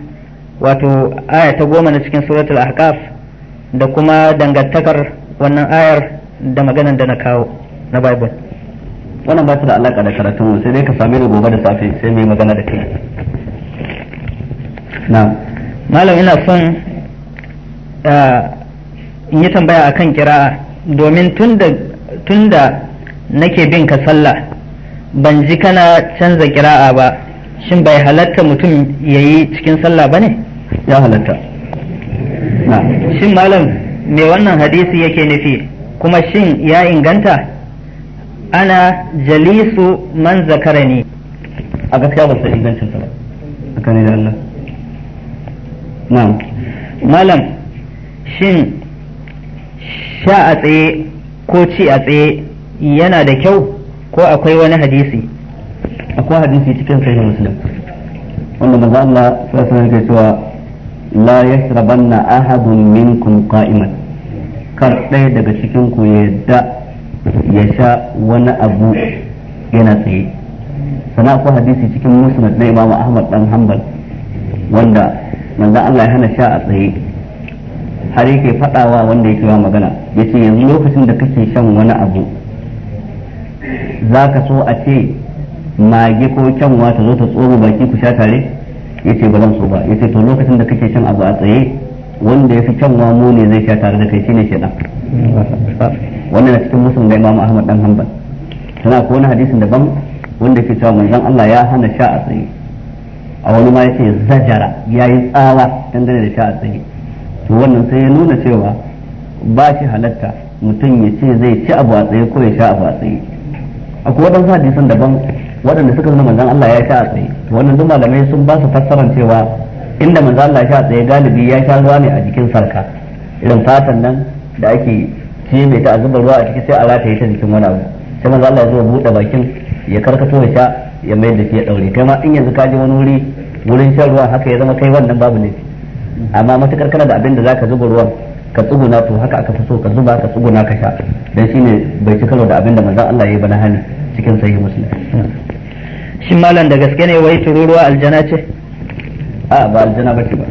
wato aya ta goma na cikin suratul ahqaf da kuma dangantakar wannan ayar da maganan da na kawo na bible wannan ba ta da alaka da karatun sai dai ka same ni gobe da safe sai mai magana da kai na'am malam ina son ah, in yi tambaya a kan kira'a domin tun da nake bin ka sallah ban ji kana canza kira'a ba shin bai halatta mutum ya yi cikin sallah ba ne? ya halatta shin malam me wannan hadisi yake nufi kuma shin ya inganta ana jalisu man zakara ne a gaskiya ba su ingancin sa ba a da Allah malam shin sha a tsaye ko ci a tsaye yana da kyau ko akwai wani hadisi akwai hadisi cikin sahih muslim wanda manzo Allah sallallahu alaihi wasallam cewa la yasrabanna ahadun minkum qa'iman kar ɗaya daga cikin ku yadda ya sha wani abu yana tsaye sana akwai hadisi cikin musnad na Imam Ahmad dan Hanbal wanda manzon Allah ya hana sha a tsaye har yake fadawa wanda yake ba magana yace yanzu lokacin da kake shan wani abu zaka so a ce mage ko kyanwa ta zo ta tsoro baki ku sha tare yace ba zan so ba yace to lokacin da kake shan abu a tsaye wanda ya fi kyanwa mu ne zai sha tare da kai shine shedan wannan a cikin musulun da Imam Ahmad dan Hanbal sana ko wani hadisin daban wanda ke cewa manzon Allah ya hana sha a tsaye a wani ma yake zajara ya yi tsawa dangane da sha tsaye to wannan sai ya nuna cewa ba shi halatta mutum ya ce zai ci abu a tsaye ko ya sha abu a tsaye akwai waɗansu hadisan daban waɗanda suka nuna manzon Allah ya sha a tsaye to wannan duk malamai sun ba su fassaran cewa inda manzon Allah ya sha a tsaye galibi ya sha ruwa ne a jikin sarka irin fatan nan da ake ce mai ta a zuba ruwa a ciki sai a rataye ta jikin wani abu sai manzon Allah ya zo buɗe bakin ya karkato ya sha ya mai da ke ya daure kai ma in yanzu ka je wani wuri wurin shan ruwa haka ya zama kai wannan babu laifi amma matukar kana da abin da zaka zuba ruwan ka tsuguna to haka aka fi so ka zuba ka tsuguna ka sha dan shine bai ci karo da abin da manzon Allah ya yi bana hani cikin sahih muslim shi malam da gaske ne wai tururuwa aljana ce a ba aljana bace ba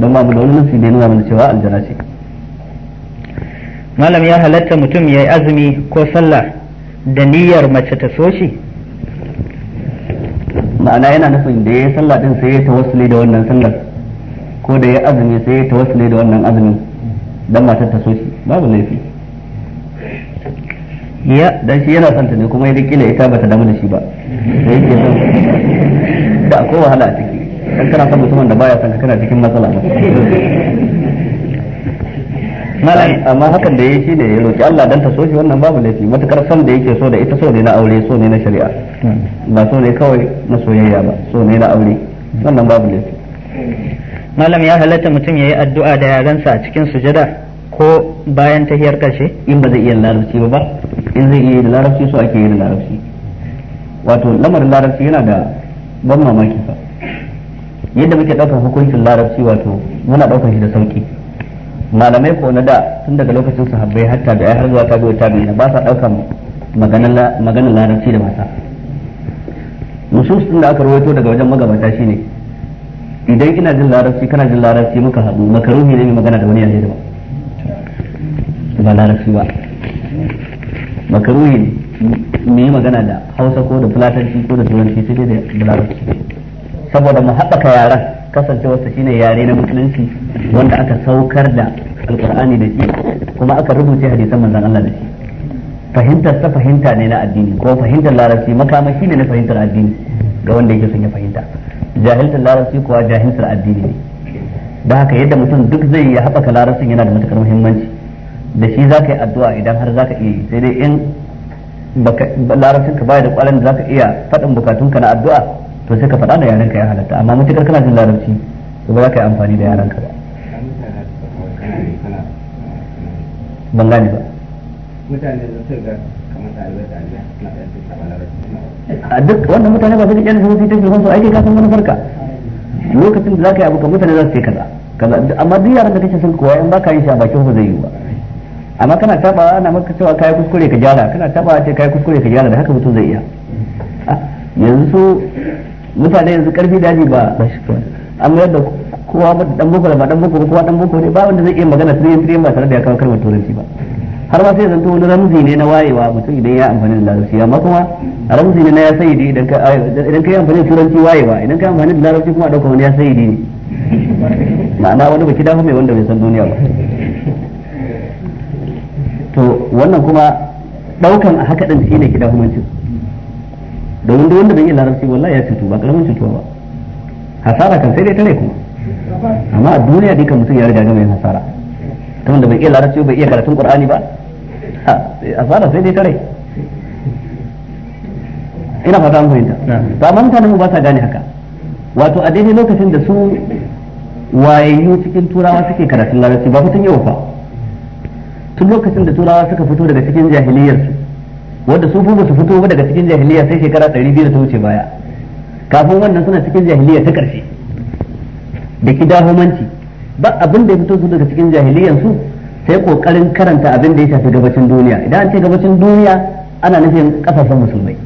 don ba mu da wani nasi da nuna mana cewa aljana ce malam ya halatta mutum ya yi azumi ko sallah da niyyar mace ta so shi ma'ana yana nufin da ya sallah din sai ya tawassuli da wannan sallar ko da ya azumi sai ya tawassuli da wannan azumin dan matar ta so shi babu laifi ya dan shi yana son ta ne kuma ya kila ita bata damu da shi ba sai yake son da akwai wahala a ciki dan kana son mutumin da baya son ka kana cikin matsala ba amma hakan da yayi ne ya roki Allah dan ta so shi wannan babu laifi matuƙar son da yake so da ita so ne na aure so ne na shari'a hmm. ba so ne kawai na soyayya ba so ne na aure wannan babu laifi malam ya halatta mutum yayi addu'a da yarensa a cikin sujada ko bayan tahiyar karshe in ba zai iya larabci ba ba in zai iya da larabci so ake yi da larabci wato lamarin larabci yana da ban mamaki fa yadda muke ɗaukar hukuncin larabci wato muna ɗaukar shi da sauki malamai ko na da tun daga lokacin su habbai hatta da har zuwa tabi'u tabi'ina ba sa daukan maganar maganar larabci da mata nusus din da aka rawaito daga wajen magabata shine idan ina jin larabci kana jin larabci muka haɗu makaruhi ne mai magana da wani yare da ba larabci ba makaruhi ne mai magana da hausa ko da fulatanci ko da turanci sai dai da larabci saboda mu haɓaka yaran wasu shine yare na musulunci wanda aka saukar da alkur'ani da shi kuma aka rubuce hadisan manzon Allah da shi fahimtar ta fahimta ne na addini ko fahimtar larabci makamashi ne na fahimtar addini ga wanda yake son ya fahimta jahiltar larabci kuwa jahiltar addini ne da haka yadda mutum duk zai ya haɓaka larabcin yana da matukar muhimmanci da shi za yi addu'a idan har za ka iya yi sai dai in larabcin ka baya da kwarin da za ka iya faɗin bukatunka na addu'a to sai ka faɗa da yaranka ya halatta amma mutukar kana jin larabci to ba za ka yi amfani da yaranka ba ban gane ba
mutane da su ga kamar ɗalibai
ɗalibai a duk wannan mutane ba su ga yanzu su ta filfan su aiki san wani farka lokacin da za ka yi abu ka mutane za su ce kaza kaza amma duk yaran da kake son koya in ba ka yi shi a bakin ba zai yi ba amma kana taba ana maka cewa kai kuskure ka gyara kana taba ce kai kuskure ka gyara da haka mutum zai iya ah, yanzu mutane yanzu karfi daji ba an mayar da kowa ba dan boko ba dan boko kowa dan boko ne ba wanda zai iya magana sai sai ba tare da ya kawo kalmar turanci ba har ma sai zanto wani ramzi ne na wayewa mutum idan ya amfani da larabci amma kuma ramzi ne na ya sayi idan ka idan ka yi amfani da turanci wayewa idan ka yi amfani da larabci kuma a dauka wani ya sayi ne ma'ana wani baki dafa mai wanda bai san duniya ba to wannan kuma daukan a haka din shine kidahumancin domin wanda wanda bai yi larabci wallahi ya cutu ba karamin cutuwa ba hasara kan sai dai tare kuma amma a duniya dai kan mutum ya riga gama yin hasara ta wanda bai iya larabci bai iya karatun qur'ani ba hasara sai dai tare ina fata an fahimta ba amma mutanen mu ba sa gane haka wato a daidai lokacin da su wayayyu cikin turawa suke karatun larabci ba fitin yau fa tun lokacin da turawa suka fito daga cikin jahiliyarsu wanda su ba su fito ba daga cikin jahiliya sai shekara 200 da ta wuce baya kafin wannan suna cikin jahiliya ta ƙarshe da kidahumanci ba abin da ya fito su daga cikin jahiliyan su sai kokarin karanta abin da ya shafi gabacin duniya idan an ce gabacin duniya ana nufin kasashen musulmai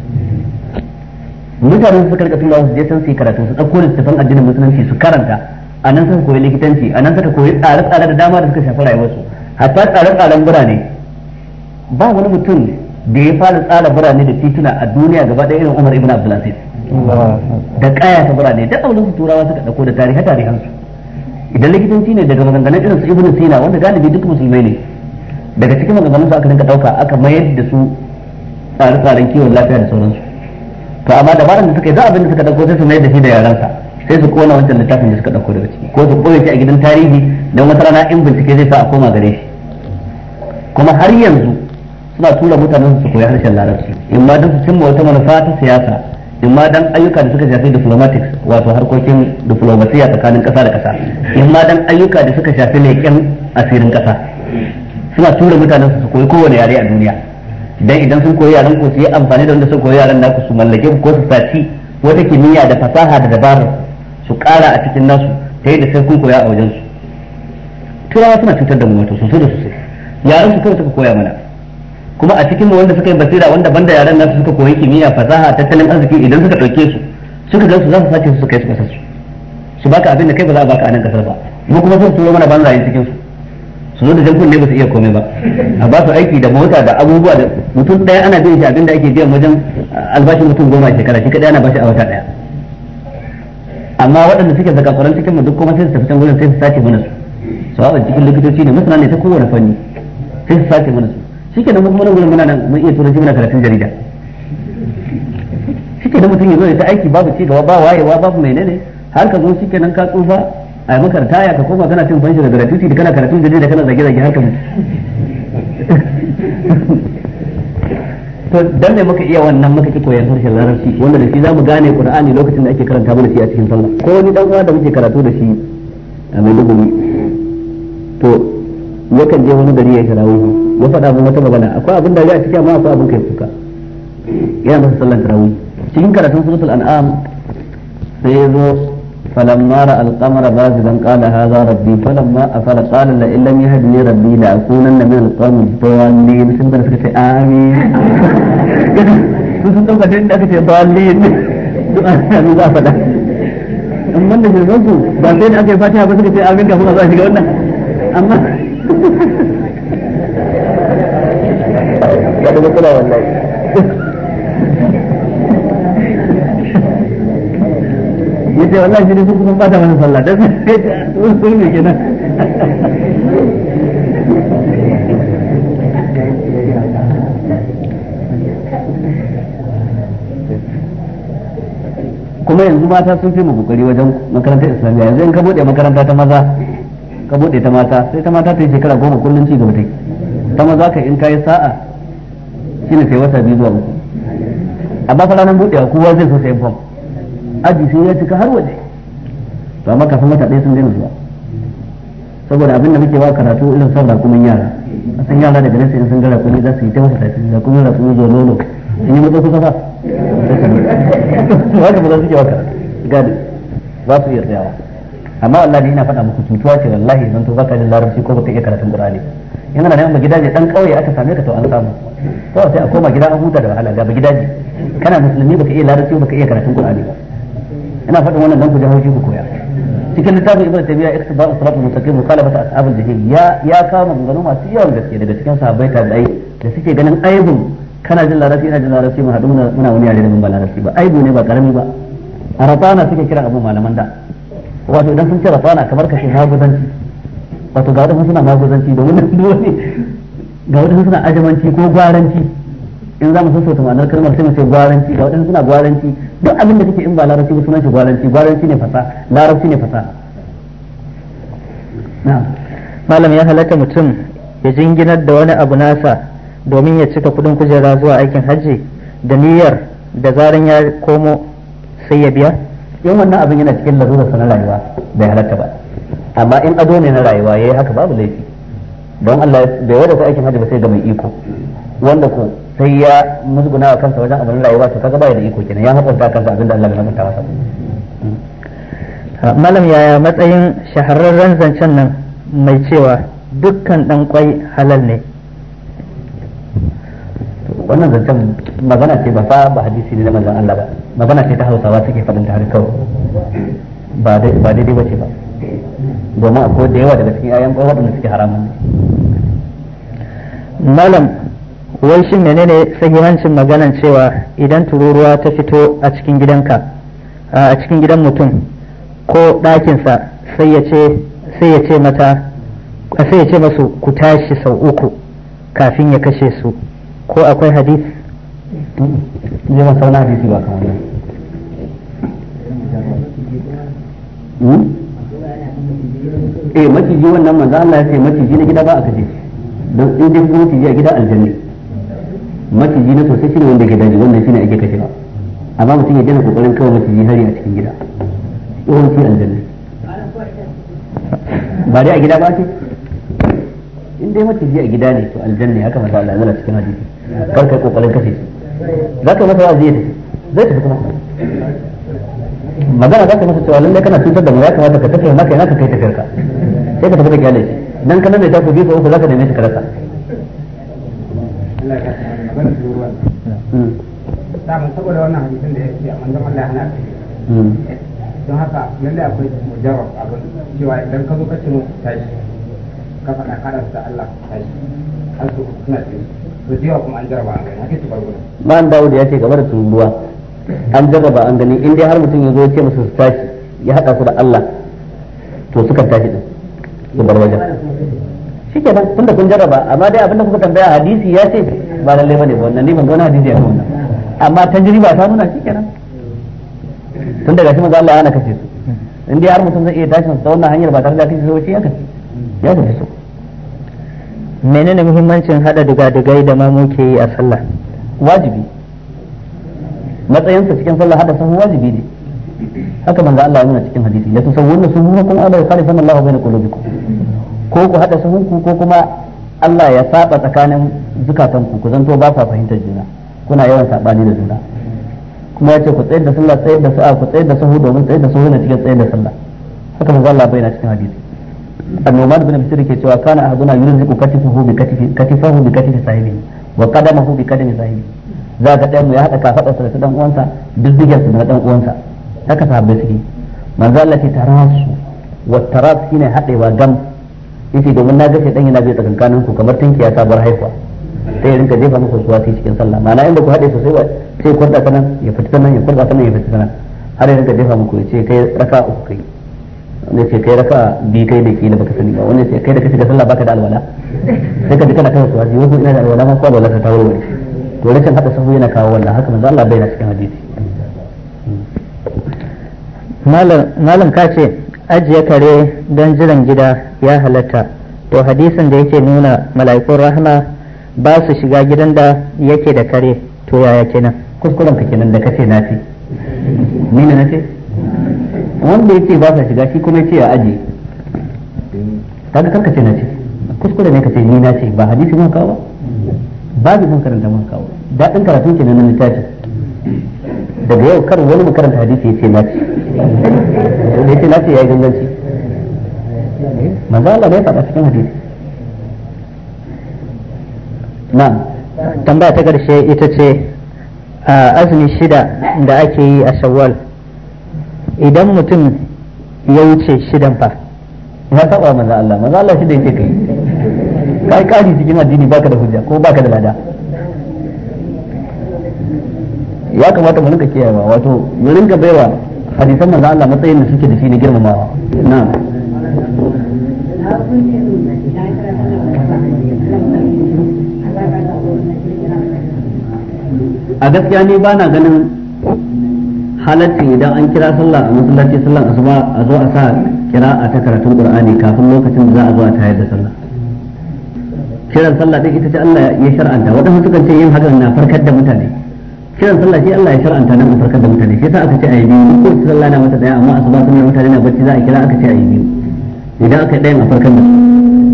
mutanen su karkatun ba su je san su yi karatu su ɗauko littattafan addinin musulunci su karanta a nan suka koyi likitanci a nan suka koyi tsare-tsare da dama da suka shafi rayuwarsu hatta tsare-tsaren birane ba wani mutum da ya fara tsara birane da tituna a duniya gaba ɗaya irin Umar ibn Abdul Aziz da kaya ta birane da aulun su turawa suka dauko da tarihi tarihan su idan likitanci ne daga maganganun irin su Ibn Sina wanda galibi duk musulmai ne daga cikin maganganun su aka rinka dauka aka mayar da su tsare-tsaren kiwon lafiya da sauransu to amma dabaran da suka yi za abin da suka dauko sai su mayar da shi da sa sai su kona wancan littafin da suka dauko daga ciki ko su koyaushe a gidan tarihi don wata rana in bincike zai sa a koma gare shi kuma har yanzu suna tura mutanen su koyi harshen larabci in ma don su cimma wata manufa ta siyasa in ma dan ayyuka da suka shafi diplomatics wato harkokin diplomasiya tsakanin kasa da kasa in ma dan ayyuka da suka shafi leƙen asirin kasa suna tura mutanen su koyi kowane yare a duniya dan idan sun koyi yaren ko su yi amfani da wanda sun koyi yaren naku su mallake ku ko su saci wata kimiyya da fasaha da dabarar su ƙara a cikin nasu ta yadda sai kun koya a wajen su turawa suna cutar da mu wato sosai da sosai yaren su kawai suka koya mana kuma a cikin wanda suka yi basira wanda banda yaran nasu suka koyi kimiyya fasaha tattalin arziki idan suka dauke su suka gansu za su sace su kai su kasar su su baka abin da kai ba za a baka a nan kasar ba mu kuma sun turo mana yin cikin su su zo da jankun ne ba su iya komai ba a ba su aiki da mota da abubuwa da mutum daya ana biyan shi abin da ake biyan wajen albashin mutum goma shekara shi kadai ana bashi a wata daya amma waɗanda suke zakakuran cikin mu duk kuma sai su tafi can gurin sai su sace mana su sawa cikin likitoci ne masana ne ta kowane fanni sai su sace mana su shike da mu kuma gurin muna nan mun iya turanci muna karatun jarida shike da mutum ya zo ya ta aiki babu ci gaba ba wayewa babu menene har ka zo shike nan ka tsufa a maka ya ka koma kana cin fanshi da gratuity da kana karatun jarida kana zage zage har ka mutu to dan ne muka iya wannan muka ki koyan harshen larabci wanda da shi zamu gane qur'ani lokacin da ake karanta mana shi a cikin sallah ko wani dan uwa da muke karatu da shi a mai dubu to yakan je wani gari ya karawo ya faɗa mun wata magana akwai abin da ya ci amma akwai abin kai kuka yana masa sallan tarawih cikin karatun suratul al'am. sai ya zo falamma ra al-qamara bazidan qala hadha rabbi falamma afala qala la illam yahdini rabbi la akunan min al-qawmi dawalin sun da suka ce amin sun dauka din da kace dawalin du'a za faɗa amma da ke zo ba sai da ake fatiha ba suka ce amin kafin a zo shiga wannan amma da matsala wallahi wallahi shi ne su kuma bata mana sallah ne kuma yanzu mata sun fi mu kokari wajen makarantar islamiyya yanzu in ka bude makaranta ta maza ka bude ta mata sai ta mata ta yi shekara goma kullum ci gaba ta ta maza ka in ka yi sa'a shine sai wata biyu zuwa uku amma fa ranar budewa kowa zai so sai fam aji sai ya cika har waje to amma kafin wata ɗaya sun daina zuwa saboda abin da muke ba karatu irin son rakumin yara a san yara daga nesa in sun ga rakumi za su yi ta wata tafi rakumin rakumi zuwa nono in yi mutu su kafa wanda ba za su ke waka gadi za su iya tsayawa amma wallahi ina faɗa muku cutuwa ce wallahi zan to zaka yi larabci ko baka iya karatun qur'ani in ana neman gidaje dan kauye aka same ka to an samu to sai a koma gida an huta da wahala ga gidaje kana musulmi baka iya larabci baka iya karatun qur'ani ba ina fadin wannan dan ku ji haushi ku koya cikin littafin ibnu tabiya ikhtibar as-sirat al-mustaqim mukhalafat ashab al-jahil ya ya kama gangano masu yawan gaske daga cikin sahabbai tabi'ai da suke ganin aibun kana jin larabci ina jin larabci mu hadu muna wani yare da mun ba larabci ba aibu ne ba karami ba a ratana suke kira abu malaman da wato idan sun ce rafana kamar kashin hagudanci wato ga wadansu suna maguzanci domin da dole ga wadansu suna ajamanci ko gwaranci in za mu san sautin ma'anar kalmar sai mu ce gwaranci ga wadansu suna gwaranci duk abin da kake in ba larabci ba sunan shi gwaranci gwaranci ne fasa larabci ne fasa na'am malam ya halaka mutum ya jinginar da wani abu nasa domin ya cika kudin kujera zuwa aikin hajji da niyyar da zaran ya komo sai ya biya yan wannan abin yana cikin larurar sanar rayuwa bai halatta ba amma in ado ne na rayuwa yayi haka babu laifi don Allah bai wada ta aikin hajji ba sai ga mai iko wanda ko sai ya musguna wa kansa wajen abin rayuwa to kaga baya da iko kenan ya hakunta kansa abin da Allah ya hakunta masa malam yaya matsayin shahararren zancen nan mai cewa dukkan dan kwai halal ne wannan zancen magana ce ba fa ba hadisi ne na manzon Allah ba magana ce ta Hausawa take faɗin ta har kawai ba daidai ba ce ba domin akwai da yawa daga cikin ayan ƙwai waɗanda suke haramun ne malam wai shi ne menene sahihancin maganan cewa idan tururuwa ta fito a cikin gidanka a cikin gidan mutum ko ɗakinsa sai ya ce sai ya ce mata sai ya ce masu ku tashi sau uku kafin ya kashe su ko akwai hadis je masauna hadisi ba kamar hmm?
eh maciji wannan manzo Allah ya ce maciji na
gida ba a kashe don in dai kuma maciji a gida aljanna maciji na sosai shine wanda ke daji wannan shine ake ba amma mutum ya dena kokarin kawo maciji hari a cikin gida yawanci aljanna ba dai a gida ba ce in dai maciji a gida ne to aljanna haka manzo Allah yana cikin hadisi kar kai kokarin kashe shi zaka masa wa'azi ya tafi zai tafi kuma magana za zaka masa cewa lallai kana cutar da mu ya kamata ka tafi maka yana ka kai tafiyarka sai ka tafi da nan dan kana mai tafi biyu ko uku zaka neme shi ka rasa hmm. saboda da ya ce Allah ka an jarraba an gani ya ce game da tururuwa an jarraba gani in dai har mutum ya zo ce musu su tashi ya haɗa su da Allah to suka tashi din ku bar wajen shikenan tunda kun jarraba amma dai abinda kuka tambaya hadisi ya ce ba lalle bane ba wannan ni ban ga hadisi ya ga wannan amma tajriba ta nuna shikenan tun daga shi manzo Allah ya kace su in dai har mutum zai iya tashin sa wannan hanyar ba tare da kace su ya kace ya kace su menene muhimmancin hada diga-digai da ma muke yi a sallah wajibi matsayinsa cikin sallah hada sahu wajibi ne haka manzo Allah ya nuna cikin hadisi la tusawwuna suhufakum ala yakhalifan Allah bayna qulubikum ko ku hada suhunku ko kuma Allah ya saba tsakanin zukatanku ku zanto ba sa fahimtar juna kuna yawan sabani da juna kuma yace ku tsayar da sallah tsayar da sa'a ku tsayar da sahu domin tsayar da sahu na cikin tsayar da sallah haka manzo Allah bayna cikin hadisi annoman bin bisir ke cewa kana ahaduna yunziku katifuhu bi katifi katifuhu bi katifi sahibi wa qadamahu bi qadami sahibi za ka ɗaya mu ya hada kafaɗarsa da dan uwansa uwansa diddigarsa da dan uwansa haka bai suke manzo Allah ce tarasu wa taras shine hadewa gam yace domin na gashi dan yana bai tsakankanin ku kamar tinki ya sabar haifa sai rinka jefa muku suwa sai cikin sallah ma'ana inda ku hade su sai sai kurda sanan ya fita sanan ya kurda sanan ya fita sanan har ya rinka jefa muku yace kai raka uku kai wanda ce kai raka bi kai da ke da baka sani ba wanda ce kai da kace da sallah baka da alwala sai ka ji kana kai suwa ko ina da alwala ma ko alwala ta tawo to rashin hada sahu yana kawo wannan haka manzo Allah bai na cikin hadisi malam ka ce ajiye kare don jiran gida ya halatta to hadisin da yake nuna mala'ikun rahama ba su shiga gidan da yake da kare to yaya kenan kuskuren ka kenan da ka na nafi ni na ce wanda yake ba sa shiga shi kuma ce ya aje kaga kanka ce na ce kuskure ne ce ni na ce ba hadisi mun kawo ba babu mun karanta mun kawo dadin karatun kenan na littafi daga yau kar wani mu karanta hadisi yace na ce ya ce na ce yi ganganci Maza Allah bai faɗa cikin hadisi Na tambaya ta ƙarshe ita ce azumi shida da ake yi a shawwal idan mutum ya wuce shidan fa ya saba Maza Allah Maza Allah shida yake kai kai kari cikin addini baka da hujja ko baka da lada ya kamata mu rinka kiyayewa wato mu rinka baiwa hadisan manzo Allah matsayin da suke da shi na girmamawa na'am a gaskiya ni ba na ganin halarci idan an kira sallah a masallaci sallan asuba a zo a sa kira a ta karatun ƙur'ani kafin lokacin da za a zo a tayar da sallah kiran sallah din ita ce Allah ya shar'anta wadanda sukan ce yin hakan na farkar da mutane kiran sallah shi Allah ya shar'anta nan a farkar da mutane shi yasa aka ce ayi biyu ko sallah na mata daya amma asuba sun yi mutane na bacci za a kira aka ce ayi biyu idan aka yi dayan a farkar da su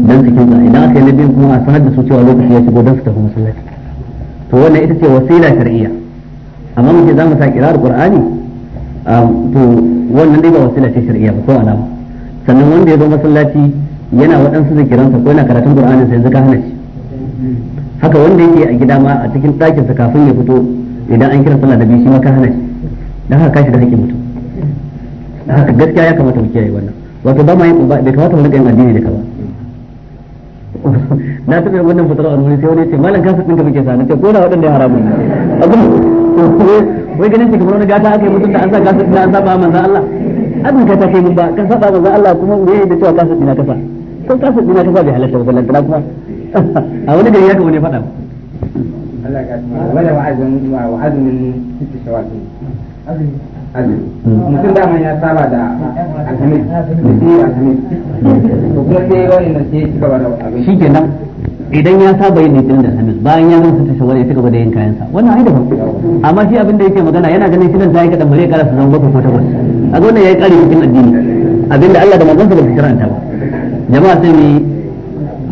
dan su sa idan aka yi na biyu kuma a sanar da su cewa lokaci ya shigo dan su tafi masallaci to wannan ita ce wasila shar'iyya amma muke za mu sa kirar qur'ani to wannan dai ba wasila ce shar'iyya ba ko alama sannan wanda ya zo masallaci yana waɗansu zikiransa ko yana karatun qur'ani sai zaka hana shi haka wanda yake a gida ma a cikin ɗakinsa kafin ya fito idan an kira sallah da biyu shi ka hana shi dan haka kashi da hakkin mutum dan haka gaskiya ya kamata mu kiyaye wannan wato ba ma yin bai kamata mu rika yin addini da kaza na taɓa wannan fatara almuri sai wani ce malam kasa ɗinka muke sa na ce ko da waɗanda ya haramun abin wai ganin shi kamar wani gata aka yi mutum da an sa kasu ɗina an saba manzan Allah abin ka ta kai mun ba ka saba manzan Allah kuma me da cewa kasu ɗina kasa ko kasu ɗina kasa bai halatta ba balantana kuma a wani gari ya kama ne faɗa
wala wa
wa azumin azumi hmm. mutum dama ya saba da alhamis da alhamis to kuma sai wani ci gaba da abin shi kenan idan ya saba yin litinin da samis bayan ya zama ta shawara ya ci gaba da yin kayansa wannan ai daban amma shi abin da yake magana yana ganin shirin ta yi kaɗan bare kara su zama bakwai ko takwas a gona ya yi ƙari cikin addini abin da Allah da manzansa ba su shiranta ba jama'a sai mu yi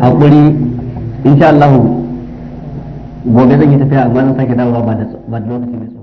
haƙuri insha Allah gobe zan yi tafiya amma zan sake dawowa ba
da lokaci mai